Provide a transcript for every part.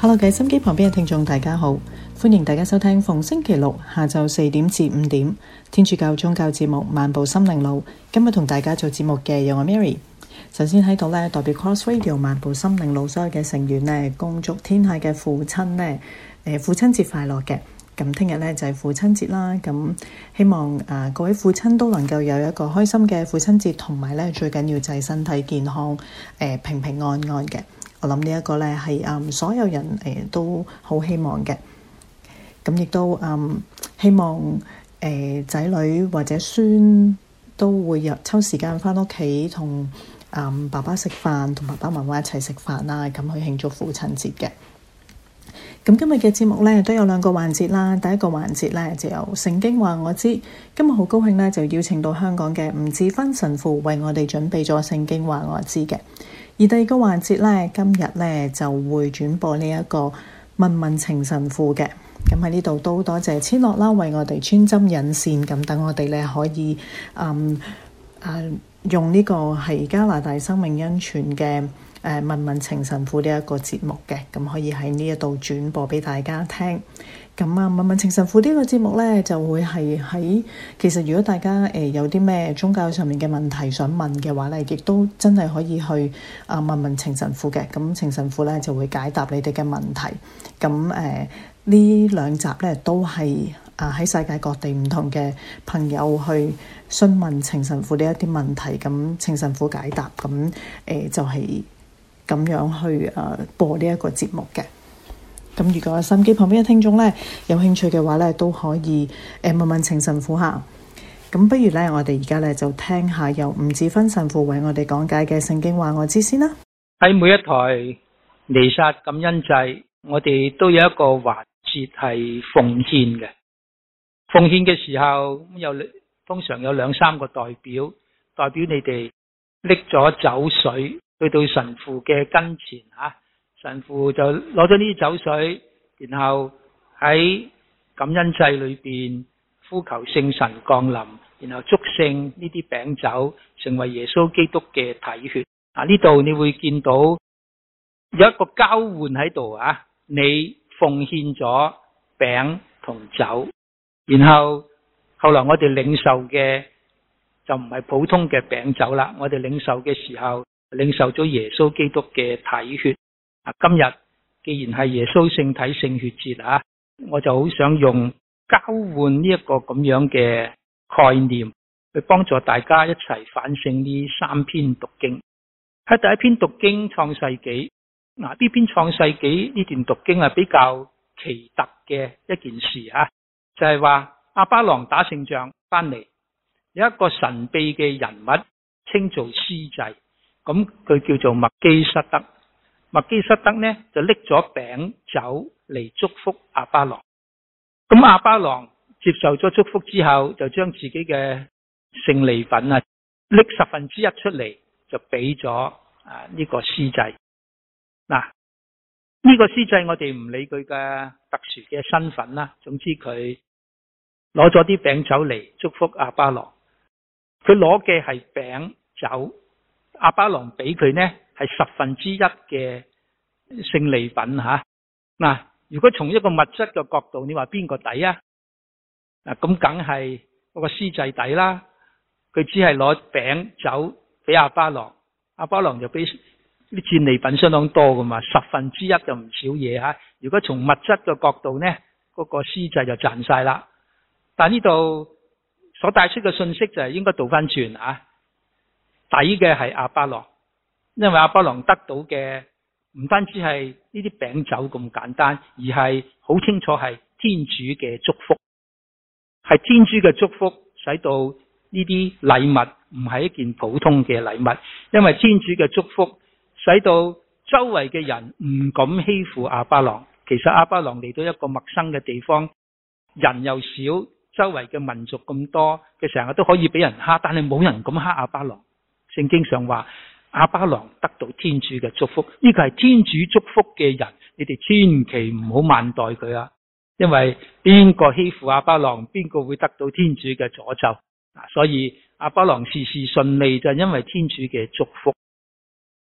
Hello，各位心機旁邊嘅聽眾，大家好，歡迎大家收聽逢星期六下午四點至五點天主教宗教節目《漫步心靈路》。今日同大家做節目嘅有我 Mary。首先喺度呢，代表 Cross Radio《漫步心靈路》所有嘅成員呢，恭祝天下嘅父親呢，父親節快樂嘅。咁聽日呢，就係、是、父親節啦，咁希望啊各位父親都能夠有一個開心嘅父親節，同埋呢最緊要就係身體健康，誒、呃、平平安安嘅。我諗呢一個咧係所有人誒都好希望嘅，咁亦都希望仔女或者孫都會有抽時間翻屋企同爸爸食飯，同爸爸媽媽一齊食飯啦，咁去慶祝父親節嘅。咁今日嘅節目呢，都有兩個環節啦，第一個環節呢、就是，就由《聖經話我知》，今日好高興呢，就邀請到香港嘅吳志芬神父為我哋準備咗《聖經話我知》嘅。而第二個環節呢，今日呢就會轉播呢一個問問情神父嘅。咁喺呢度都多謝千樂啦，為我哋穿針引線，咁等我哋呢，可以誒、嗯啊、用呢個係加拿大生命恩泉嘅誒問問情神父呢一個節目嘅，咁可以喺呢一度轉播俾大家聽。咁啊，問問情神父個呢個節目咧，就會係喺其實如果大家誒、呃、有啲咩宗教上面嘅問題想問嘅話咧，亦都真係可以去啊問問情神父嘅。咁情神父咧就會解答你哋嘅問題，咁誒、呃、呢兩集咧都係啊喺世界各地唔同嘅朋友去詢問情神父呢一啲問題，咁情神父解答，咁誒、呃、就係、是、咁樣去誒播呢一個節目嘅。咁如果收音機旁邊嘅聽眾呢，有興趣嘅話呢，都可以誒、呃、問問情神父吓。咁不如呢，我哋而家呢，就聽下由吳志芬神父為我哋講解嘅聖經話我知先啦。喺每一台彌撒感恩祭，我哋都有一個環節係奉獻嘅。奉獻嘅時候，有通常有兩三個代表，代表你哋拎咗酒水去到神父嘅跟前吓。啊神父就攞咗呢啲酒水，然後喺感恩祭裏邊呼求聖神降臨，然後祝聖呢啲餅酒成為耶穌基督嘅體血。啊，呢度你會見到有一個交換喺度啊，你奉獻咗餅同酒，然後後來我哋領受嘅就唔係普通嘅餅酒啦，我哋領受嘅時候領受咗耶穌基督嘅體血。今日既然係耶穌聖體聖血節啊，我就好想用交換呢一個咁樣嘅概念，去幫助大家一齊反省呢三篇讀經。喺第一篇讀經《創世紀》，嗱，呢篇《創世紀》呢段讀經係，比較奇特嘅一件事啊，就係、是、話阿巴郎打勝仗翻嚟，有一個神秘嘅人物，稱做司祭，咁佢叫做麥基失德。麥基塞德呢就拎咗餅酒嚟祝福阿巴郎，咁阿巴郎接受咗祝福之後，就將自己嘅勝利品啊拎十分之一出嚟，就俾咗啊呢、呢個司祭。嗱，呢個司祭我哋唔理佢嘅特殊嘅身份啦，總之佢攞咗啲餅酒嚟祝福阿巴郎，佢攞嘅係餅酒，阿巴郎俾佢呢？係十分之一嘅勝利品嚇嗱、啊。如果從一個物質嘅角度，你話邊個抵啊？啊咁梗係嗰個司祭抵啦。佢只係攞餅酒俾阿巴羅，阿巴羅就俾啲戰利品相當多㗎嘛。十分之一就唔少嘢嚇、啊。如果從物質嘅角度呢，嗰、那個司祭就賺晒啦。但呢度所帶出嘅信息就係應該倒翻轉嚇，抵嘅係阿巴羅。因為阿巴郎得到嘅唔單止係呢啲餅酒咁簡單，而係好清楚係天主嘅祝福。係天主嘅祝福，使到呢啲禮物唔係一件普通嘅禮物。因為天主嘅祝福，使到周圍嘅人唔敢欺負阿巴郎。其實阿巴郎嚟到一個陌生嘅地方，人又少，周圍嘅民族咁多，佢成日都可以俾人蝦，但係冇人敢蝦阿巴郎。聖經上話。阿巴郎得到天主嘅祝福，呢個係天主祝福嘅人，你哋千祈唔好慢待佢啊！因為邊個欺負阿巴郎，邊個會得到天主嘅詛咒。嗱，所以阿巴郎事事順利就係因為天主嘅祝福。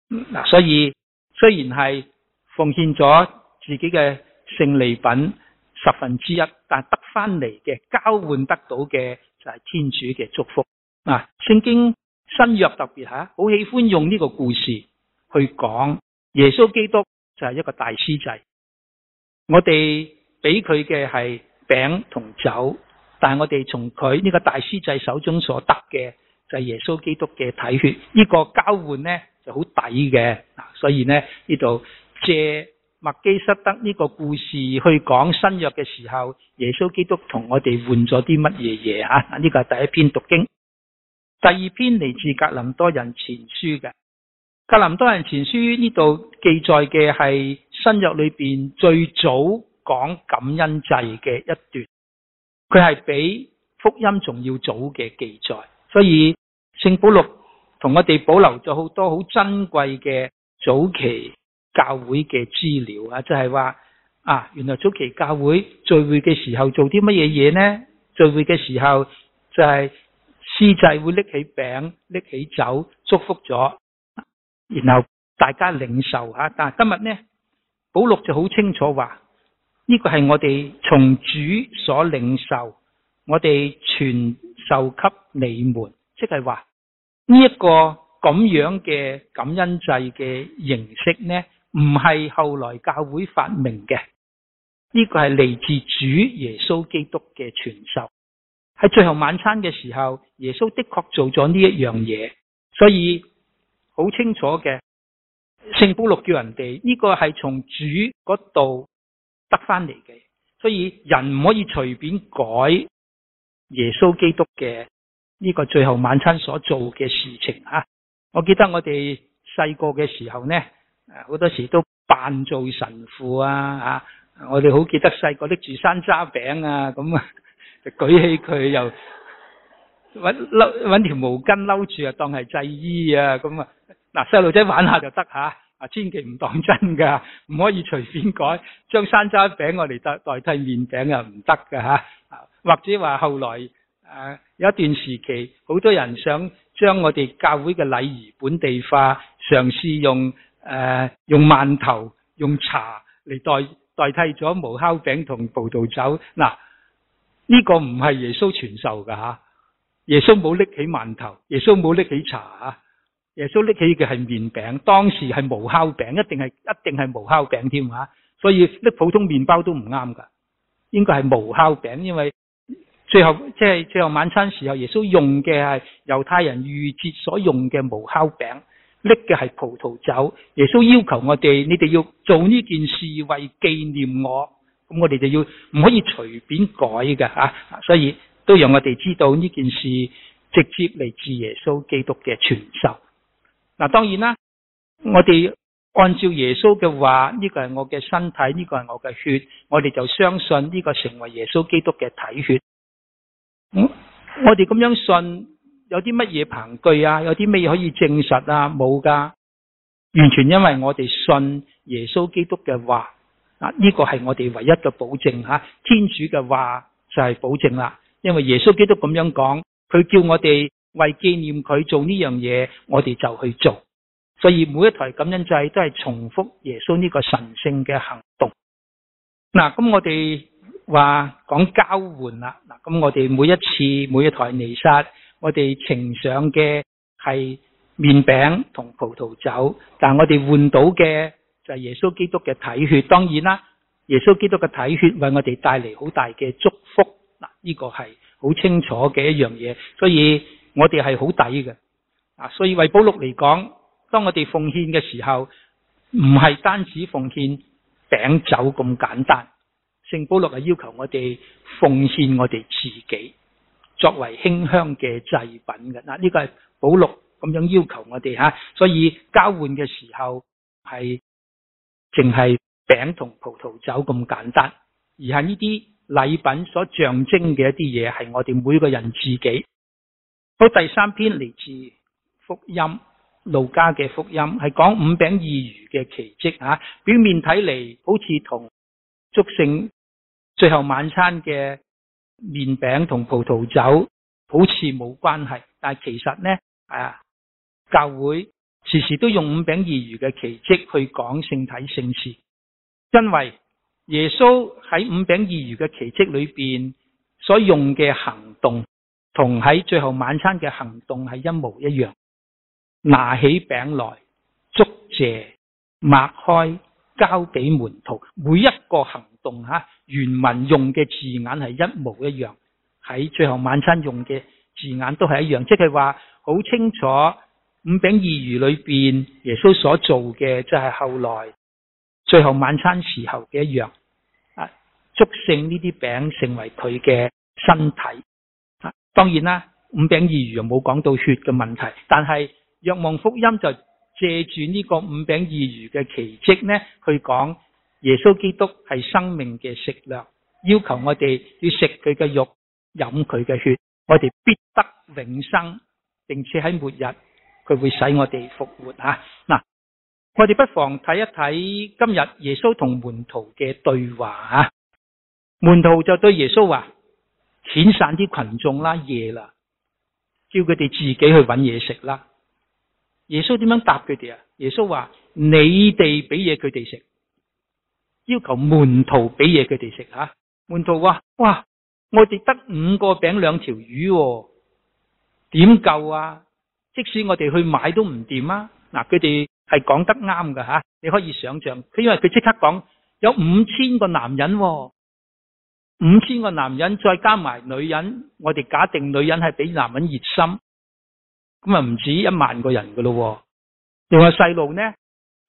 嗱，所以雖然係奉獻咗自己嘅勝利品十分之一，但得翻嚟嘅交換得到嘅就係天主嘅祝福。啊，聖經。新約特別吓，好喜歡用呢個故事去講耶穌基督就係一個大司祭。我哋俾佢嘅係餅同酒，但係我哋從佢呢、這個大司祭手中所得嘅就係、是、耶穌基督嘅體血。呢、這個交換呢就好抵嘅。所以呢，呢度借麥基瑟德呢個故事去講新約嘅時候，耶穌基督同我哋換咗啲乜嘢嘢吓？呢個係第一篇讀經。第二篇嚟自格林多人前書嘅，格林多人前書呢度記載嘅係新約裏邊最早講感恩祭嘅一段，佢係比福音仲要早嘅記載，所以聖保祿同我哋保留咗好多好珍貴嘅早期教會嘅資料啊，就係話啊，原來早期教會聚會嘅時候做啲乜嘢嘢呢？聚會嘅時候就係。司祭會拎起餅、拎起酒，祝福咗，然後大家領受吓。但係今日呢，保禄就好清楚話呢、這個係我哋從主所領受，我哋傳授給你們，即係話呢一個咁樣嘅感恩祭嘅形式呢，唔係後來教會發明嘅，呢、這個係嚟自主耶穌基督嘅傳授。喺最後晚餐嘅時候，耶穌的確做咗呢一樣嘢，所以好清楚嘅。聖保祿叫人哋呢個係從主嗰度得翻嚟嘅，所以人唔可以隨便改耶穌基督嘅呢個最後晚餐所做嘅事情。我記得我哋細個嘅時候呢，好多時都扮做神父啊吓，我哋好記得細個拎住山楂餅啊咁啊。舉起佢，又揾條毛巾摟住，又當係祭衣啊咁啊！嗱，細路仔玩下就得吓，啊，玩玩千祈唔當真噶，唔可以隨便改。將山楂餅我嚟代代替麵餅又唔得噶吓，或者話後來、啊、有一段時期，好多人想將我哋教會嘅禮儀本地化，嘗試用、呃、用饅頭用茶嚟代代替咗無酵餅同葡萄酒嗱。啊呢、這個唔係耶穌傳授噶吓，耶穌冇拎起饅頭，耶穌冇拎起茶吓，耶穌拎起嘅係麵餅，當時係無酵餅，一定係一定係無酵餅添吓，所以拎普通麵包都唔啱噶，應該係無酵餅，因為最後即係、就是、最後晚餐時候，耶穌用嘅係猶太人逾越所用嘅無酵餅，拎嘅係葡萄酒，耶穌要求我哋，你哋要做呢件事為紀念我。咁我哋就要唔可以隨便改嘅吓，所以都讓我哋知道呢件事直接嚟自耶穌基督嘅傳授。嗱，當然啦，我哋按照耶穌嘅話，呢、呢個係我嘅身體，呢、呢個係我嘅血，我哋就相信呢個成為耶穌基督嘅體血。嗯、我我哋咁樣信，有啲乜嘢憑據啊？有啲乜嘢可以證實啊？冇噶，完全因為我哋信耶穌基督嘅話。嗱，呢個係我哋唯一嘅保證吓，天主嘅話就係保證啦。因為耶穌基督咁樣講，佢叫我哋為紀念佢做呢樣嘢，我哋就去做。所以每一台感恩祭都係重複耶穌呢個神聖嘅行動。嗱，咁我哋話講交換啦。嗱，咁我哋每一次、每一台彌撒，我哋呈上嘅係麵餅同葡萄酒，但我哋換到嘅。就係、是、耶穌基督嘅體血，當然啦，耶穌基督嘅體血為我哋帶嚟好大嘅祝福，嗱呢個係好清楚嘅一樣嘢，所以我哋係好抵嘅，啊，所以為保祿嚟講，當我哋奉獻嘅時候，唔係單止奉獻餅酒咁簡單，聖保祿係要求我哋奉獻我哋自己，作為馨香嘅祭品嘅，嗱，呢個係保祿咁樣要求我哋吓，所以交換嘅時候係。淨係餅同葡萄酒咁簡單，而係呢啲禮品所象徵嘅一啲嘢，係我哋每個人自己。好，第三篇嚟自福音路加嘅福音，係講五餅二魚嘅奇蹟啊！表面睇嚟好似同祝聖最後晚餐嘅麵餅同葡萄酒好似冇關係，但係其實呢，啊，教會。時時都用五餅二魚嘅奇跡去講聖體聖事，因為耶穌喺五餅二魚嘅奇跡裏邊所用嘅行動，同喺最後晚餐嘅行動係一模一樣。拿起餅來，祝謝，擘開，交俾門徒，每一個行動吓，原文用嘅字眼係一模一樣，喺最後晚餐用嘅字眼都係一樣，即係話好清楚。五餅二魚裏邊，耶穌所做嘅就係後來最後晚餐時候嘅一樣，啊，祝聖呢啲餅成為佢嘅身體。啊，當然啦，五餅二魚又冇講到血嘅問題，但係若望福音就借住呢個五餅二魚嘅奇蹟呢，去講耶穌基督係生命嘅食糧，要求我哋要食佢嘅肉，飲佢嘅血，我哋必得永生，並且喺末日。佢會使我哋復活吓。嗱，啊，我哋不妨睇一睇今日耶穌同門徒嘅對話吓。門徒就對耶穌話：遣散啲群眾啦，夜啦，叫佢哋自己去揾嘢食啦。耶穌點樣答佢哋啊？耶穌話：你哋俾嘢佢哋食，要求門徒俾嘢佢哋食吓。門徒話：哇，我哋得五個餅兩條魚，哦，點夠啊？即使我哋去買都唔掂啊！嗱，佢哋係講得啱噶吓，你可以想象。佢因為佢即刻講有五千個男人喎，五千個男人再加埋女人，我哋假定女人係比男人熱心，咁啊唔止一萬個人噶咯喎。仲有細路呢？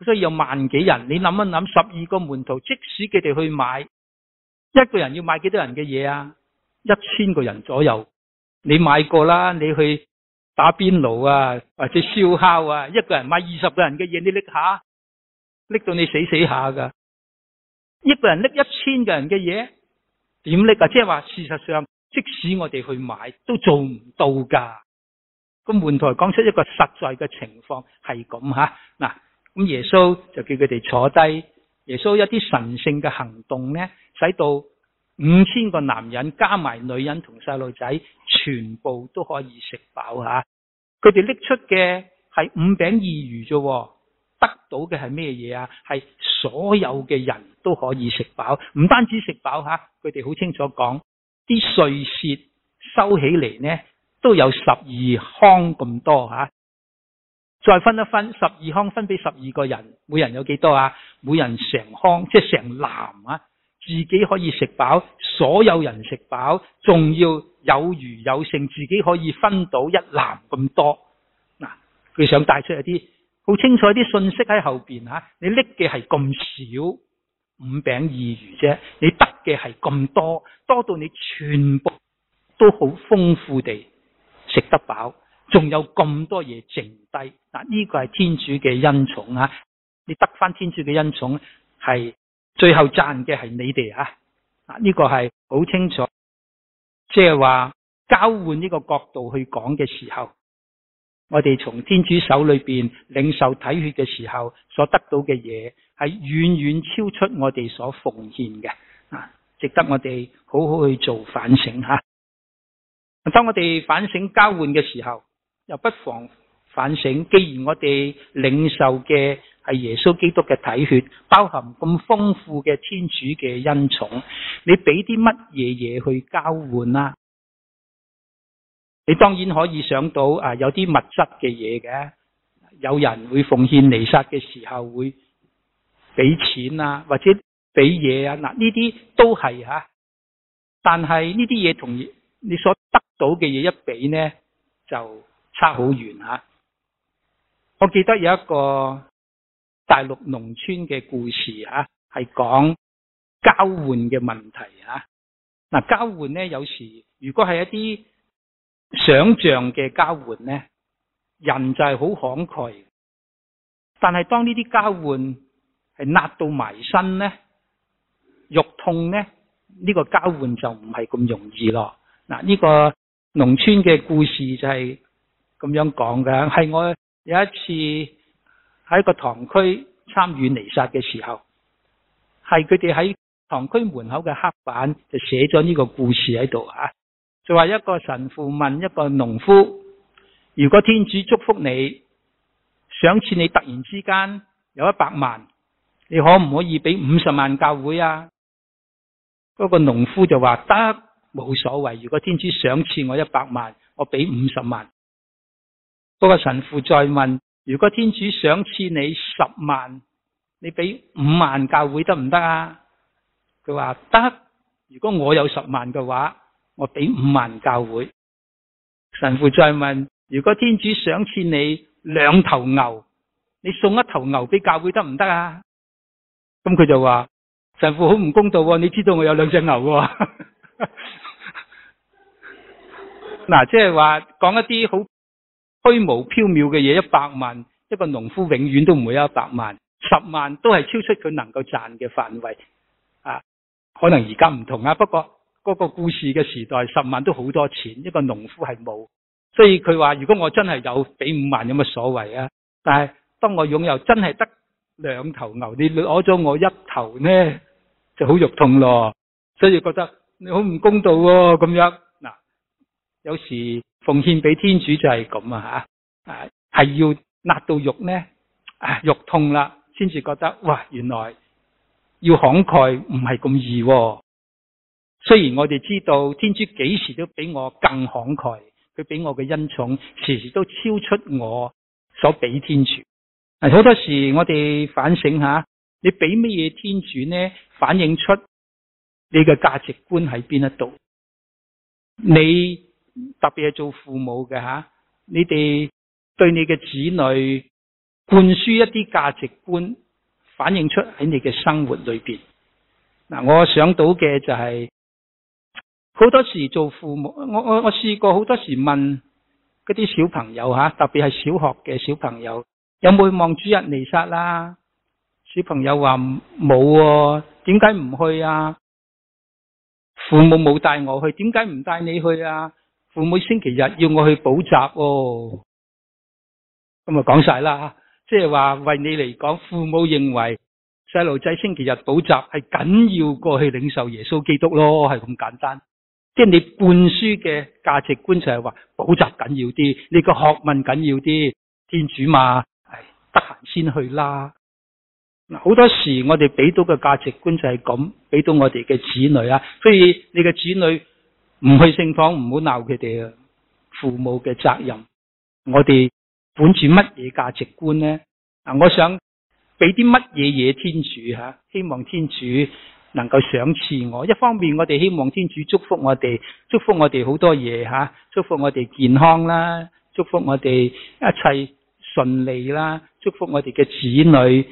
所以有萬幾人。你諗一諗，十二個門徒，即使佢哋去買，一個人要買幾多人嘅嘢啊？一千個人左右，你買過啦，你去。打邊爐啊，或者燒烤啊，一個人買二十個人嘅嘢，你拎下，拎到你死死下噶。一個人拎一千個人嘅嘢，點拎啊？即係話事實上，即使我哋去買，都做唔到噶。咁門台講出一個實在嘅情況係咁吓嗱，咁耶穌就叫佢哋坐低。耶穌有一啲神聖嘅行動咧，使到。五千個男人加埋女人同細路仔，全部都可以食飽吓。佢哋拎出嘅係五餅二魚啫，得到嘅係咩嘢啊？係所有嘅人都可以食飽，唔單止食飽吓。佢哋好清楚講，啲碎屑收起嚟呢，都有十二糠咁多吓。再分一分，十二糠分俾十二個人，每人有幾多啊？每人成糠，即係成籃啊！自己可以食飽，所有人食飽，仲要有餘有剩，自己可以分到一籃咁多。嗱，佢想帶出一啲好清楚啲信息喺後邊吓，你拎嘅係咁少五餅二魚啫，你得嘅係咁多，多到你全部都好豐富地食得飽，仲有咁多嘢剩低。嗱，呢個係天主嘅恩寵吓，你得翻天主嘅恩寵係。最後讚嘅係你哋啊！啊，呢個係好清楚，即係話交換呢個角度去講嘅時候，我哋從天主手裏邊領受體血嘅時候所得到嘅嘢，係遠遠超出我哋所奉獻嘅啊！值得我哋好好去做反省吓。當我哋反省交換嘅時候，又不妨。反省，既然我哋領受嘅係耶穌基督嘅體血，包含咁豐富嘅天主嘅恩寵，你俾啲乜嘢嘢去交換啊？你當然可以想到啊，有啲物質嘅嘢嘅，有人會奉獻彌撒嘅時候會俾錢啊，或者俾嘢啊，嗱，呢啲都係吓，但係呢啲嘢同你所得到嘅嘢一比呢，就差好遠吓。我記得有一個大陸農村嘅故事啊，係講交換嘅問題啊，嗱、啊，交換咧，有時如果係一啲想像嘅交換咧，人就係好慷慨。但係當呢啲交換係壓到埋身咧，肉痛咧，呢、呢個交換就唔係咁容易咯。嗱、啊，呢、呢個農村嘅故事就係咁樣講嘅，係我。有一次喺個堂區參與彌撒嘅時候，係佢哋喺堂區門口嘅黑板就寫咗呢個故事喺度啊！就話一個神父問一個農夫：如果天主祝福你，想賜你突然之間有一百萬，你可唔可以俾五十萬教會啊？嗰、那個農夫就話：得，冇所謂。如果天主想賜我一百萬，我俾五十萬。不過神父再問：如果天主想賜你十萬，你俾五萬教會得唔得啊？佢話得。如果我有十萬嘅話，我俾五萬教會。神父再問：如果天主想賜你兩頭牛，你送一頭牛俾教會得唔得啊？咁佢就話：神父好唔公道，你知道我有兩隻牛。嗱， 即係話講一啲好虛無縹緲嘅嘢，一百萬一個農夫永遠都唔會有一百萬，十萬都係超出佢能夠賺嘅範圍。啊，可能而家唔同啦、啊，不過嗰、嗰個故事嘅時代，十萬都好多錢，一個農夫係冇，所以佢話如果我真係有，俾五萬有乜所謂啊？但係當我擁有真係得兩頭牛，你攞咗我一頭呢，就好肉痛咯，所以覺得你好唔公道喎、啊、咁樣。有時奉獻俾天主就係咁啊，吓，係要焫到肉呢，啊、肉痛啦，先至覺得哇，原來要慷慨，唔係咁易，啊。雖然我哋知道天主幾時都比我更慷慨，佢俾我嘅恩寵時時都超出我所俾天主。好多時我哋反省下：你俾乜嘢天主呢？反映出你嘅價值觀喺邊一度，你。特別係做父母嘅吓，你哋對你嘅子女灌輸一啲價值觀，反映出喺你嘅生活裏邊。嗱，我想到嘅就係好多時做父母，我我我試過好多時問嗰啲小朋友吓，特別係小學嘅小朋友，有冇望主日彌撒啦？小朋友話冇喎，點解唔去啊？父母冇帶我去，點解唔帶你去啊？父母星期日要我去補習哦，咁啊講晒啦，即係話為你嚟講，父母認為細路仔星期日補習係緊要過去領受耶穌基督咯，係咁簡單。即係你灌輸嘅價值觀就係話補習緊要啲，你個學問緊要啲，天主嘛，係得閒先去啦。好多時我哋俾到嘅價值觀就係咁，俾到我哋嘅子女啊，所以你嘅子女。唔去聖堂，唔好鬧佢哋啊！父母嘅責任，我哋本住乜嘢價值觀呢？我想俾啲乜嘢嘢天主吓，希望天主能夠賞賜我。一方面，我哋希望天主祝福我哋，祝福我哋好多嘢吓，祝福我哋健康啦，祝福我哋一切。順利啦，祝福我哋嘅子女誒，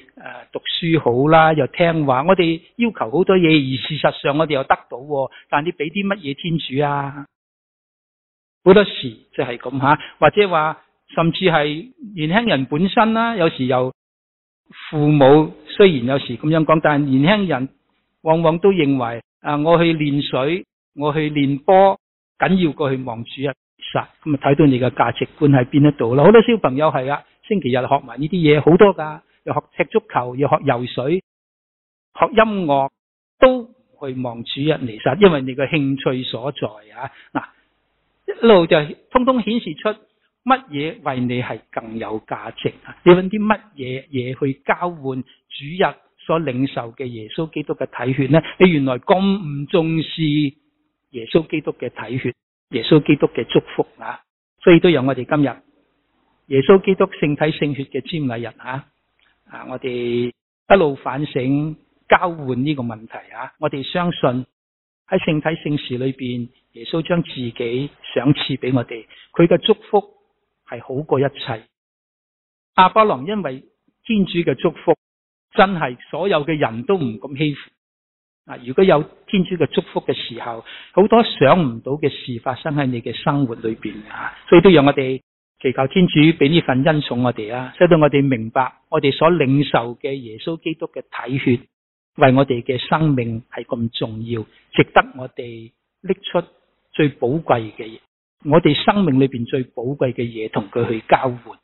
讀書好啦，又聽話。我哋要求好多嘢，而事實上我哋又得到喎。但你俾啲乜嘢天主啊？好多時就係咁下，或者話甚至係年輕人本身啦，有時又父母雖然有時咁樣講，但年輕人往往都認為啊，我去練水，我去練波緊要過去望主日。殺咁啊！睇到你嘅價值觀喺邊一度啦。好多小朋友係啊，星期日學埋呢啲嘢好多噶，又學踢足球，又學游水，學音樂都去望主日嚟殺。因為你嘅興趣所在啊，嗱一路就通通顯示出乜嘢為你係更有價值啊？你搵啲乜嘢嘢去交換主日所領受嘅耶穌基督嘅體血呢？你原來咁唔重視耶穌基督嘅體血。耶穌基督嘅祝福啊，所以都有我哋今日耶穌基督聖體聖血嘅瞻禮日。吓啊！我哋一路反省交換呢個問題啊！我哋相信喺聖體聖事裏邊，耶穌將自己賞賜俾我哋，佢嘅祝福係好過一切。亞巴郎因為天主嘅祝福，真係所有嘅人都唔咁欺負。啊！如果有天主嘅祝福嘅時候，好多想唔到嘅事發生喺你嘅生活裏邊啊！所以都讓我哋祈求天主俾呢份恩寵我哋啊，使到我哋明白我哋所領受嘅耶穌基督嘅體血為我哋嘅生命係咁重要，值得我哋拎出最寶貴嘅嘢，我哋生命裏邊最寶貴嘅嘢同佢去交換。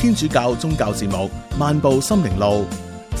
天主教宗教節目《漫步心靈路》。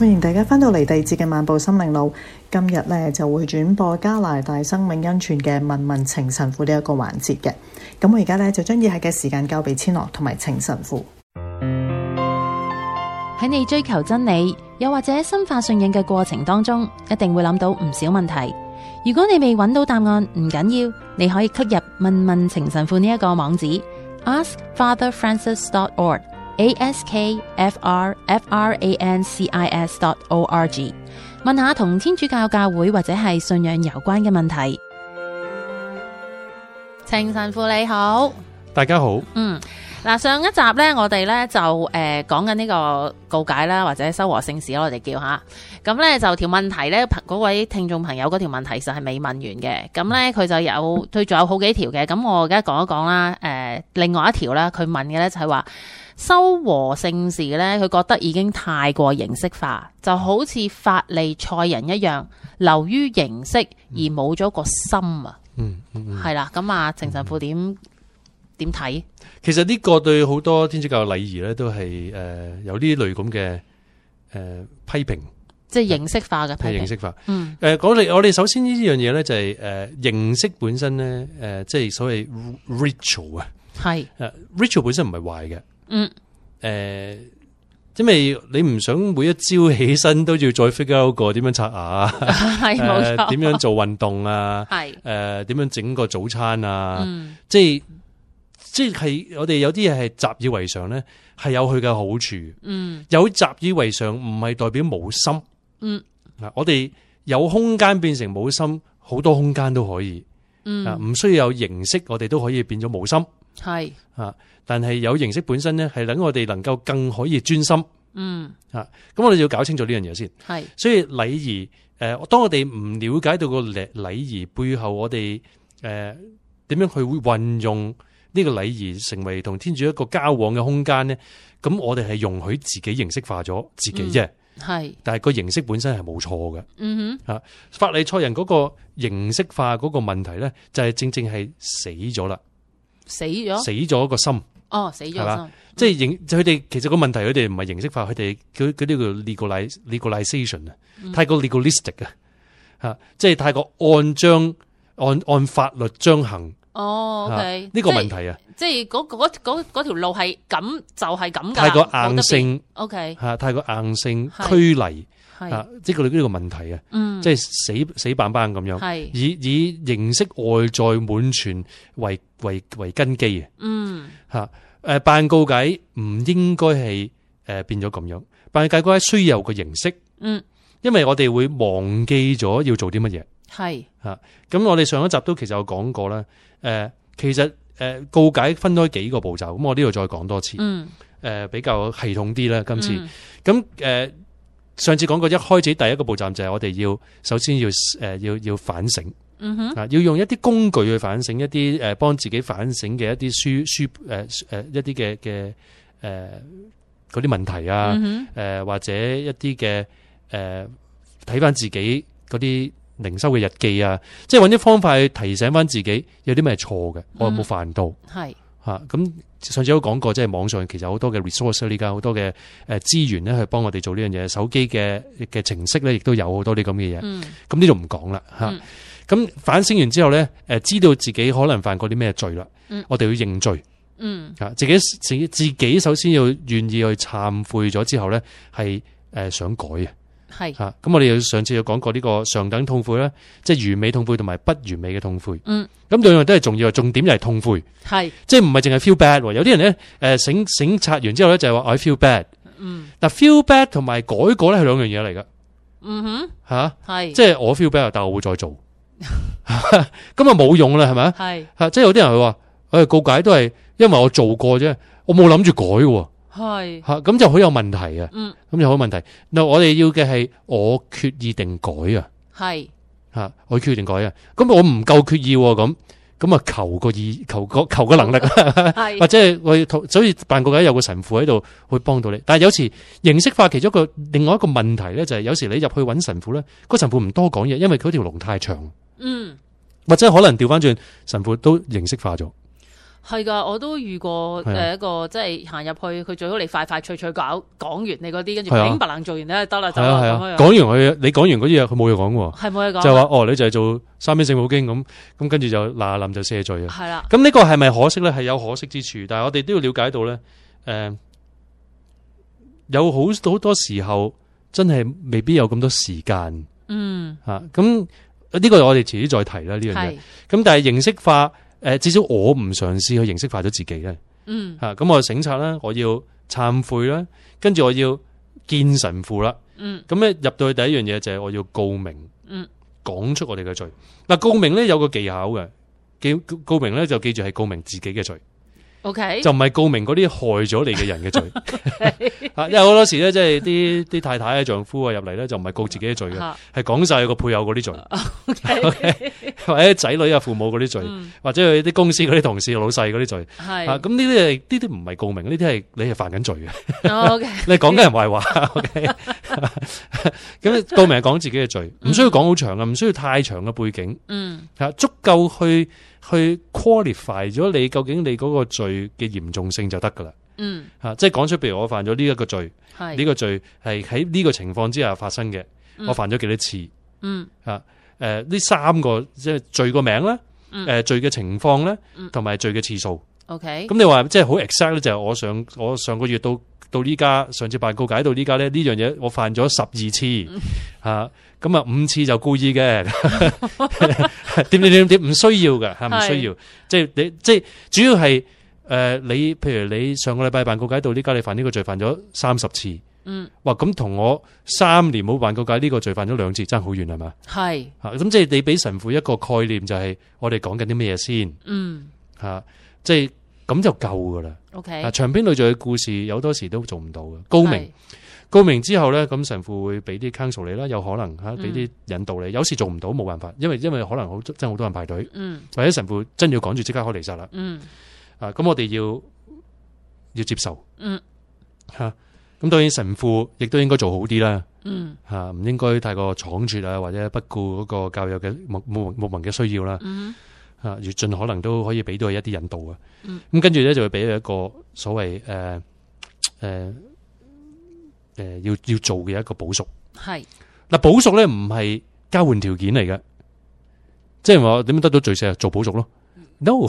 歡迎大家翻到嚟地節嘅漫步心靈路，今日咧，就會轉播加拿大生命恩泉嘅問問情神父呢一個環節嘅。咁我而家咧，就將以下嘅時間交俾千樂同埋情神父。喺你追求真理，又或者深化信仰嘅過程當中，一定會諗到唔少問題。如果你未揾到答案，唔緊要，你可以 click 入問問情神父呢一個網址：AskFatherFrancis.org。Askfatherfrancis .org a s k f r f r a n c i s dot o r g 問下同天主教教會或者係信仰有關嘅問題。請神父你好，大家好。嗯，嗱，上一集咧，我哋咧就誒講緊呢個告解啦，或者修和聖事啦，我哋叫吓咁咧就條問題咧，嗰位聽眾朋友嗰條問題其實係未問完嘅。咁咧佢就有佢仲有好幾條嘅，咁我而家講一講啦。誒，另外一條啦，佢問嘅咧就係話。修和聖事咧，佢覺得已經太過形式化，就好似法利賽人一樣，流於形式而冇咗個心啊！嗯，係、嗯、啦，咁、嗯、啊，程神父點點睇？其實呢個對好多天主教禮儀咧，都係誒有呢類咁嘅誒批評，即係形式化嘅批評，形式化。嗯，誒、呃，我哋我哋首先呢樣嘢咧就係、是、誒、呃、形式本身咧，誒、呃、即係所謂 ritual 是啊，係誒 ritual 本身唔係壞嘅。嗯，誒、呃，因為你唔想每一朝起身都要再 figure out 個點樣刷牙，係冇錯，點樣做運動啊，係，誒、呃，點樣整個早餐啊、嗯，即係即係我哋有啲嘢係習以為常咧，係有佢嘅好處，嗯，有習以為常唔係代表冇心，嗯，嗱，我哋有空間變成冇心，好多空間都可以，嗯，唔需要有形式，我哋都可以變咗冇心。係啊，但係有形式本身咧，係等我哋能夠更可以專心嗯。嗯啊，咁我哋要搞清楚呢樣嘢先。係，所以禮儀誒，當我哋唔了解到個禮禮儀背後我，我哋誒點樣去運用呢個禮儀，成為同天主一個交往嘅空間咧，咁我哋係容許自己形式化咗自己啫。係、嗯，但係個形式本身係冇錯嘅。嗯哼，啊，法利賽人嗰個形式化嗰個問題咧，就係、是、正正係死咗啦。死咗，死咗個心。哦，死咗，係嘛？即係形，佢哋其實個問題，佢哋唔係形式化，佢哋佢佢呢個 legalize，legalization 啊，太過 legalistic 啊，吓，即係太過按章按按法律執行。哦，OK，呢個問題啊，即係嗰嗰嗰嗰條路係咁就係咁噶，太過硬性。OK，吓太過硬性拘泥。係啊，即係呢個問題啊，即、就、係、是、死死板板咁樣，以以形式外在滿全為為為根基，嗯吓誒、呃，辦告解唔應該係誒、呃、變咗咁樣，辦告解需要有個形式，嗯，因為我哋會忘記咗要做啲乜嘢，係吓，咁我哋上一集都其實有講過啦，誒、呃，其實誒、呃、告解分開幾個步驟，咁我呢度再講多次，嗯誒、呃、比較系統啲啦，今、嗯、次，咁、呃、誒。呃上次講過，一開始第一個步驟就係我哋要首先要誒、呃、要要反省，啊、嗯、要用一啲工具去反省一啲誒、呃、幫自己反省嘅一啲書書誒誒一啲嘅嘅誒啲問題啊，誒、嗯呃、或者一啲嘅誒睇翻自己嗰啲靈修嘅日記啊，即係揾啲方法去提醒翻自己有啲咩錯嘅，我有冇犯到？係吓咁。上次都講過，即係網上其實好多嘅 resource 呢間好多嘅誒資源咧，去幫我哋做呢樣嘢。手機嘅嘅程式咧，亦都有好多啲咁嘅嘢。嗯，咁呢度唔講啦嚇。咁、嗯、反省完之後咧，誒知道自己可能犯過啲咩罪啦、嗯。我哋要認罪。嗯，嚇自己自己自己首先要願意去懺悔咗之後咧，係誒想改啊。係吓，咁、啊、我哋又上次有講過呢個上等痛悔咧，即係完美痛悔同埋不完美嘅痛悔。嗯，咁兩樣都係重要，重點就係痛悔，係，即係唔係淨係 feel bad 有。有啲人咧，誒，省省察完之後咧，就係話，I feel bad。嗯，但 feel bad 同埋改過咧係兩樣嘢嚟噶。嗯哼，吓、啊，係，即、就、係、是、我 feel bad，但我會再做，咁 啊冇用啦，係咪？係吓，即係有啲人佢話，我、哎、告解都係因為我做過啫，我冇諗住改喎。」係吓，咁就好有問題啊，咁、嗯、就好問題。嗱，我哋要嘅係我決意定改啊，係吓，我決定改啊。咁我唔夠決意喎，咁咁啊求個意，求個求個能力啊，嗯、 或者係我所以辦個嘢有個神父喺度會幫到你。但係有時形式化其中一個另外一個問題咧，就係有時你入去揾神父咧，個神父唔多講嘢，因為佢條龍太長。嗯，或者可能調翻轉神父都形式化咗。係噶，我都遇過誒，一個即係行入去，佢最好你快快脆脆搞講完你嗰啲，跟住頂白冷做完咧，得啦，走啦講完佢，你講完嗰啲嘢，佢冇嘢講喎，係冇嘢講。就話哦，你就係做三篇《聖母經》咁，咁跟住就嗱嗱臨就卸罪。係啦。咁呢個係咪可惜咧？係有可惜之處，但係我哋都要了解到咧，誒、呃，有好多多時候真係未必有咁多時間。嗯。吓、啊，咁呢、呢個我哋遲啲再提啦，呢樣嘢。咁但係形式化。誒，至少我唔嘗試去形式化咗自己咧，嗯，吓、嗯、咁我醒察啦，我要懺悔啦，跟住我要見神父啦，嗯，咁咧入到去第一樣嘢就係我要告明，嗯，講出我哋嘅罪。嗱，告明咧有個技巧嘅，告告明咧就記住係告明自己嘅罪。OK，就唔係告明嗰啲害咗你嘅人嘅罪，Okay? 因為好多時咧，即係啲啲太太啊、丈夫啊入嚟咧，就唔係告自己嘅罪嘅，係講晒佢個配偶嗰啲罪, Okay? Okay? 或罪、嗯，或者仔女啊、父母嗰啲罪，或者佢啲公司嗰啲同事、老細嗰啲罪。係，咁呢啲係呢啲唔係告明，呢啲係你係犯緊罪嘅。OK， 你講緊人壞話。OK，咁 告明係講自己嘅罪，唔、嗯、需要講好長啊，唔需要太長嘅背景。嗯，吓、啊、足夠去。去 qualify 咗你究竟你嗰個罪嘅嚴重性就得噶啦。嗯，吓，即係講出譬如我犯咗呢一個罪，呢個罪係喺呢個情況之下發生嘅，嗯、我犯咗幾多次，嗯、啊，吓、呃，誒，呢三個即係罪個名咧，誒、嗯呃，罪嘅情況咧，同埋罪嘅次數、嗯、，OK，咁、啊、你話即係好 exact 咧，就係我上我上個月到到呢家，上次辦告解到呢家咧，呢樣嘢我犯咗十二次，吓、啊。咁啊，五次就故意嘅，點點點點唔需要嘅，唔需要。即係你，即係主要係誒，你、呃、譬如你上個禮拜辦告解到，呢家，你犯呢個罪犯咗三十次，嗯，哇，咁同我三年冇辦告解呢個罪犯咗兩次，爭好遠係嘛？係，咁即係你俾神父一個概念，就係我哋講緊啲咩嘢先，嗯即，吓，即係咁就夠噶啦，OK，長篇累贅嘅故事，有多時都做唔到嘅，高明。告明之後咧，咁神父會俾啲 counsel 你啦，有可能吓俾啲引導你、嗯。有時做唔到冇辦法，因為因為可能好真係好多人排隊、嗯，或者神父真要趕住即刻開彌撒啦。啊，咁我哋要要接受。嗯，吓、啊、咁當然神父亦都應該做好啲啦。嗯，吓、啊、唔應該太過倉促啊，或者不顧嗰個教友嘅牧牧牧民嘅需要啦、嗯。啊，越盡可能都可以俾佢一啲引導啊。嗯，咁、啊、跟住咧就會俾佢一個所謂誒誒。呃呃誒，要要做嘅一個補贖係，嗱，補贖咧唔係交換條件嚟嘅，即係話點樣得到罪赦啊？做補贖咯、嗯、，no，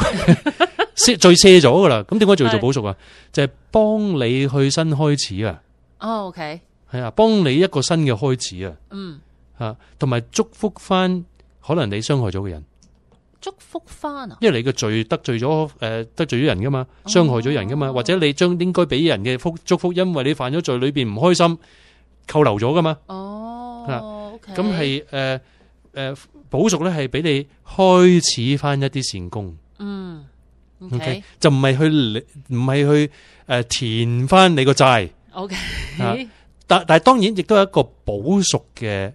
罪赦咗噶啦，咁點解仲要做補贖啊？就係、係、幫你去新開始啊、哦、，OK，哦係啊，幫你一個新嘅開始、嗯、啊，嗯吓，同埋祝福翻可能你傷害咗嘅人。祝福翻啊，因為你嘅罪得罪咗誒，得罪咗人噶嘛，傷害咗人噶嘛，oh. 或者你將應該俾人嘅福祝福，因為你犯咗罪裏邊唔開心，扣留咗噶嘛。哦、oh. okay.，咁係誒誒，補贖咧係俾你開始翻一啲善功，嗯、mm. okay.，ok 就唔係去唔係去誒填翻你個債。O、okay. K，、啊、但但係當然亦都係一個補贖嘅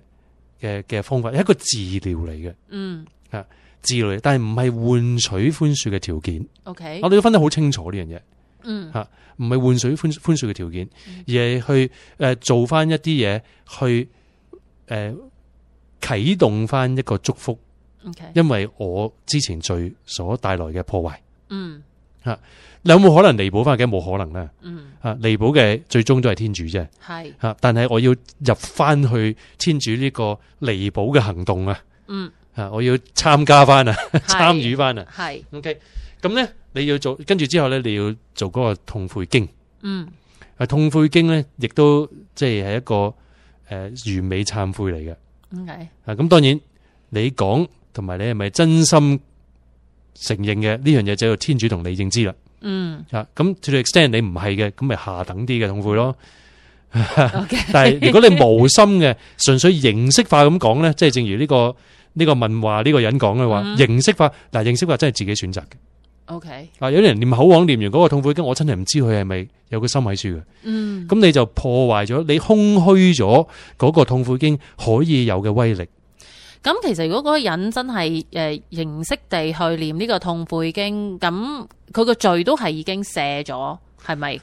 嘅嘅方法，係一個治療嚟嘅，嗯、mm. 啊。之類，但係唔係換取寬恕嘅條件。O K，我哋都分得好清楚呢樣嘢。嗯，吓，唔係換取寬寬恕嘅條件，而係去誒做翻一啲嘢去誒啟動翻一個祝福。O K，因為我之前罪所帶來嘅破壞。嗯，吓，有冇可能彌補翻？梗冇可能啦。嗯，吓，彌補嘅最終都係天主啫。係，吓，但係我要入翻去天主呢個彌補嘅行動啊。嗯。啊！我要參加翻啊，參與翻啊。係，OK。咁咧，你要做，跟住之後咧，你要做嗰個痛悔經。嗯，啊，痛悔經咧，亦都即係係一個誒、呃、完美懺悔嚟嘅、嗯。啊，咁當然你講同埋你係咪真心承認嘅呢樣嘢，這個、就要天主同你認知啦。嗯，咁、啊、to the extent 你唔係嘅，咁咪下等啲嘅痛悔咯。 但係如果你無心嘅，純 粹形式化咁講咧，即、就、係、是、正如呢、這個。呢個問話，呢個人講嘅話，形式化嗱，形式化真係自己選擇嘅。O K，啊，有啲人念口簧念完嗰個痛悔經，我真係唔知佢係咪有個心喺處嘅。嗯，咁你就破壞咗你空虛咗嗰個痛悔經可以有嘅威力。咁其實如果嗰個人真係誒，形式噉去念呢個痛悔經，咁佢個罪都係已經赦咗，係咪？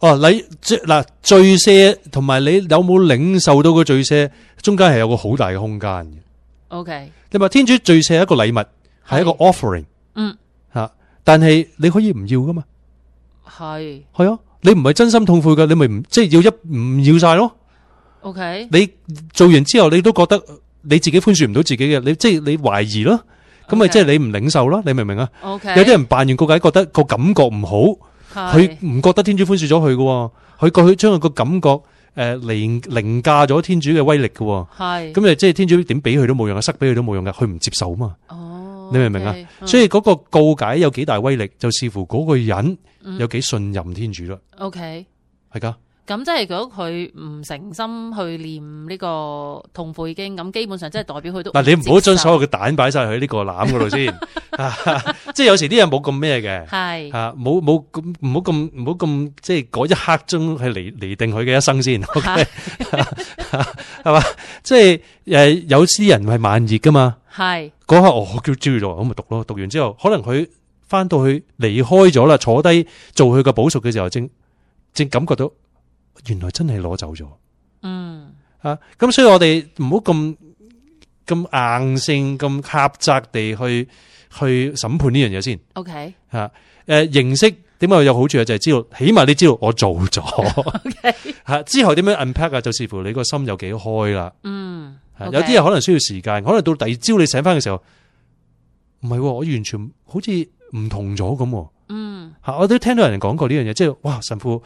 哦，你攞罪赦同埋你有冇領受到個罪赦，中間係有個好大嘅空間嘅。O K，你話天主最錫一個禮物，係一個 offering。嗯，吓，但係你可以唔要噶嘛？係係啊，你唔係真心痛悔噶，你咪唔即係要一唔要晒咯。O K，你做完之後，你都覺得你自己寬恕唔到自己嘅，你即係你懷疑咯，咁咪即係你唔領受咯？你明唔明啊？O K，有啲人辦完個偈，覺得個感覺唔好，佢唔覺得天主寬恕咗佢嘅，佢過去將佢個感覺。誒、呃，凌駕咗天主嘅威力嘅，哦，係，咁誒，即係天主點俾佢都冇用啊，塞俾佢都冇用嘅，佢唔接受嘛。哦，你明唔明啊，哦？所以嗰個告解有幾大威力，嗯，就視乎嗰個人有幾信任天主啦。OK，係噶。Okay 咁即係，如果佢唔誠心去念呢個《痛悔經》，咁基本上即係代表佢都。但係你唔好將所有嘅蛋擺晒喺呢個籃嗰度先，即係有時啲人冇咁咩嘅，係吓冇冇咁唔好咁唔好咁，即係嗰一刻鐘係嚟嚟定佢嘅一生先，係嘛？即係誒，有啲人係慢熱噶嘛，係嗰刻我叫追咗，咁咪讀咯，讀完之後可能佢翻到去離開咗啦，坐低做佢個補贖嘅時候，正正感覺到。原來真係攞走咗，嗯咁、啊、所以我哋唔好咁咁硬性咁狹窄地去去審判呢樣嘢先。嗯、o、okay，K 啊，誒、啊，認識點解有好處啊？就係、是、知道起碼你知道我做咗。O K 吓之後點樣 unpack 啊？就視乎你個心有幾開啦。嗯，okay，啊、有啲人可能需要時間，可能到第二朝你醒翻嘅時候，唔係、啊、我完全好似唔同咗咁、啊。嗯、吓、啊、我都聽到人講過呢樣嘢，即、就、係、是、哇神父。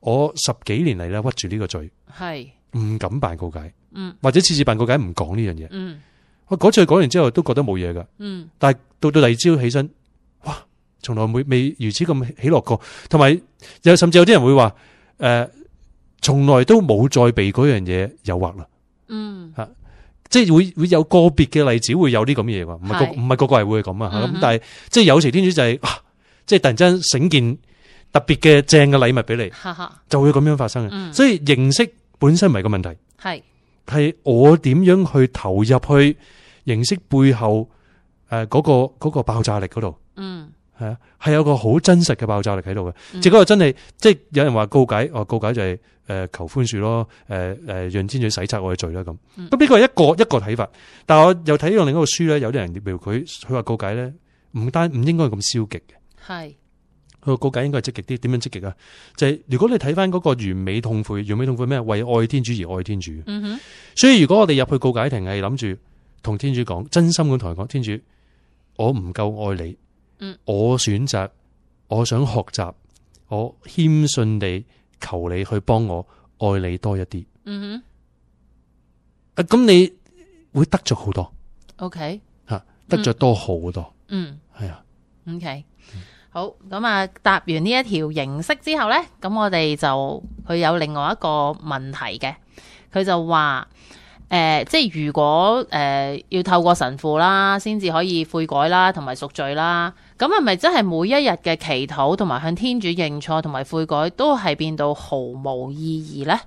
我十幾年嚟咧屈住呢個罪，係唔敢辦告解，嗯，或者次次辦告解唔講呢樣嘢。嗯，我嗰次講完之後都覺得冇嘢噶。嗯，但係到到第二朝起身，哇，從來未未如此咁起落過。同埋有甚至有啲人會話，誒、呃，從來都冇再被嗰樣嘢誘惑啦。嗯、吓、啊，即係會會有個別嘅例子會有啲咁嘢，唔係個唔係個，個個係會咁啊。咁、嗯、但係即係有時天主就係、是啊，即係突然間醒見。特別嘅，正嘅禮物俾你，就會咁樣發生嘅。所以認識本身唔係個問題，係係我點樣去投入去認識背後誒嗰個嗰個爆炸力嗰度，係啊係有個好真實嘅爆炸力喺度嘅。結果真係即係有人話告解，哦，告解就係誒求寬恕咯，誒誒讓天主洗刷我嘅罪啦咁。咁呢個係一個一個睇法，但係我又睇到另一個書咧，有啲人譬如佢佢話告解咧唔單唔應該咁消極嘅，係。告解應該係積極啲，點樣積極啊？就係、是、如果你睇翻嗰個完美痛悔，完美痛悔咩？為愛天主而愛天主。嗯、哼，所以如果我哋入去告解亭係諗住同天主講，真心咁同佢講，天主，我唔夠愛你，嗯、我選擇，我想學習，我謙信地求你去幫我愛你多一啲、嗯。啊，咁你會得着好多。OK，吓、啊、得着多好多。嗯，係啊。OK。好咁啊！答完呢一條形式之後呢，咁我哋就去有另外一個問題嘅，佢就話誒、呃，即係如果誒、呃、要透過神父啦，先至可以悔改啦，同埋贖罪啦，咁係咪真係每一日嘅祈禱同埋向天主認錯同埋悔改都係變到毫無意義呢？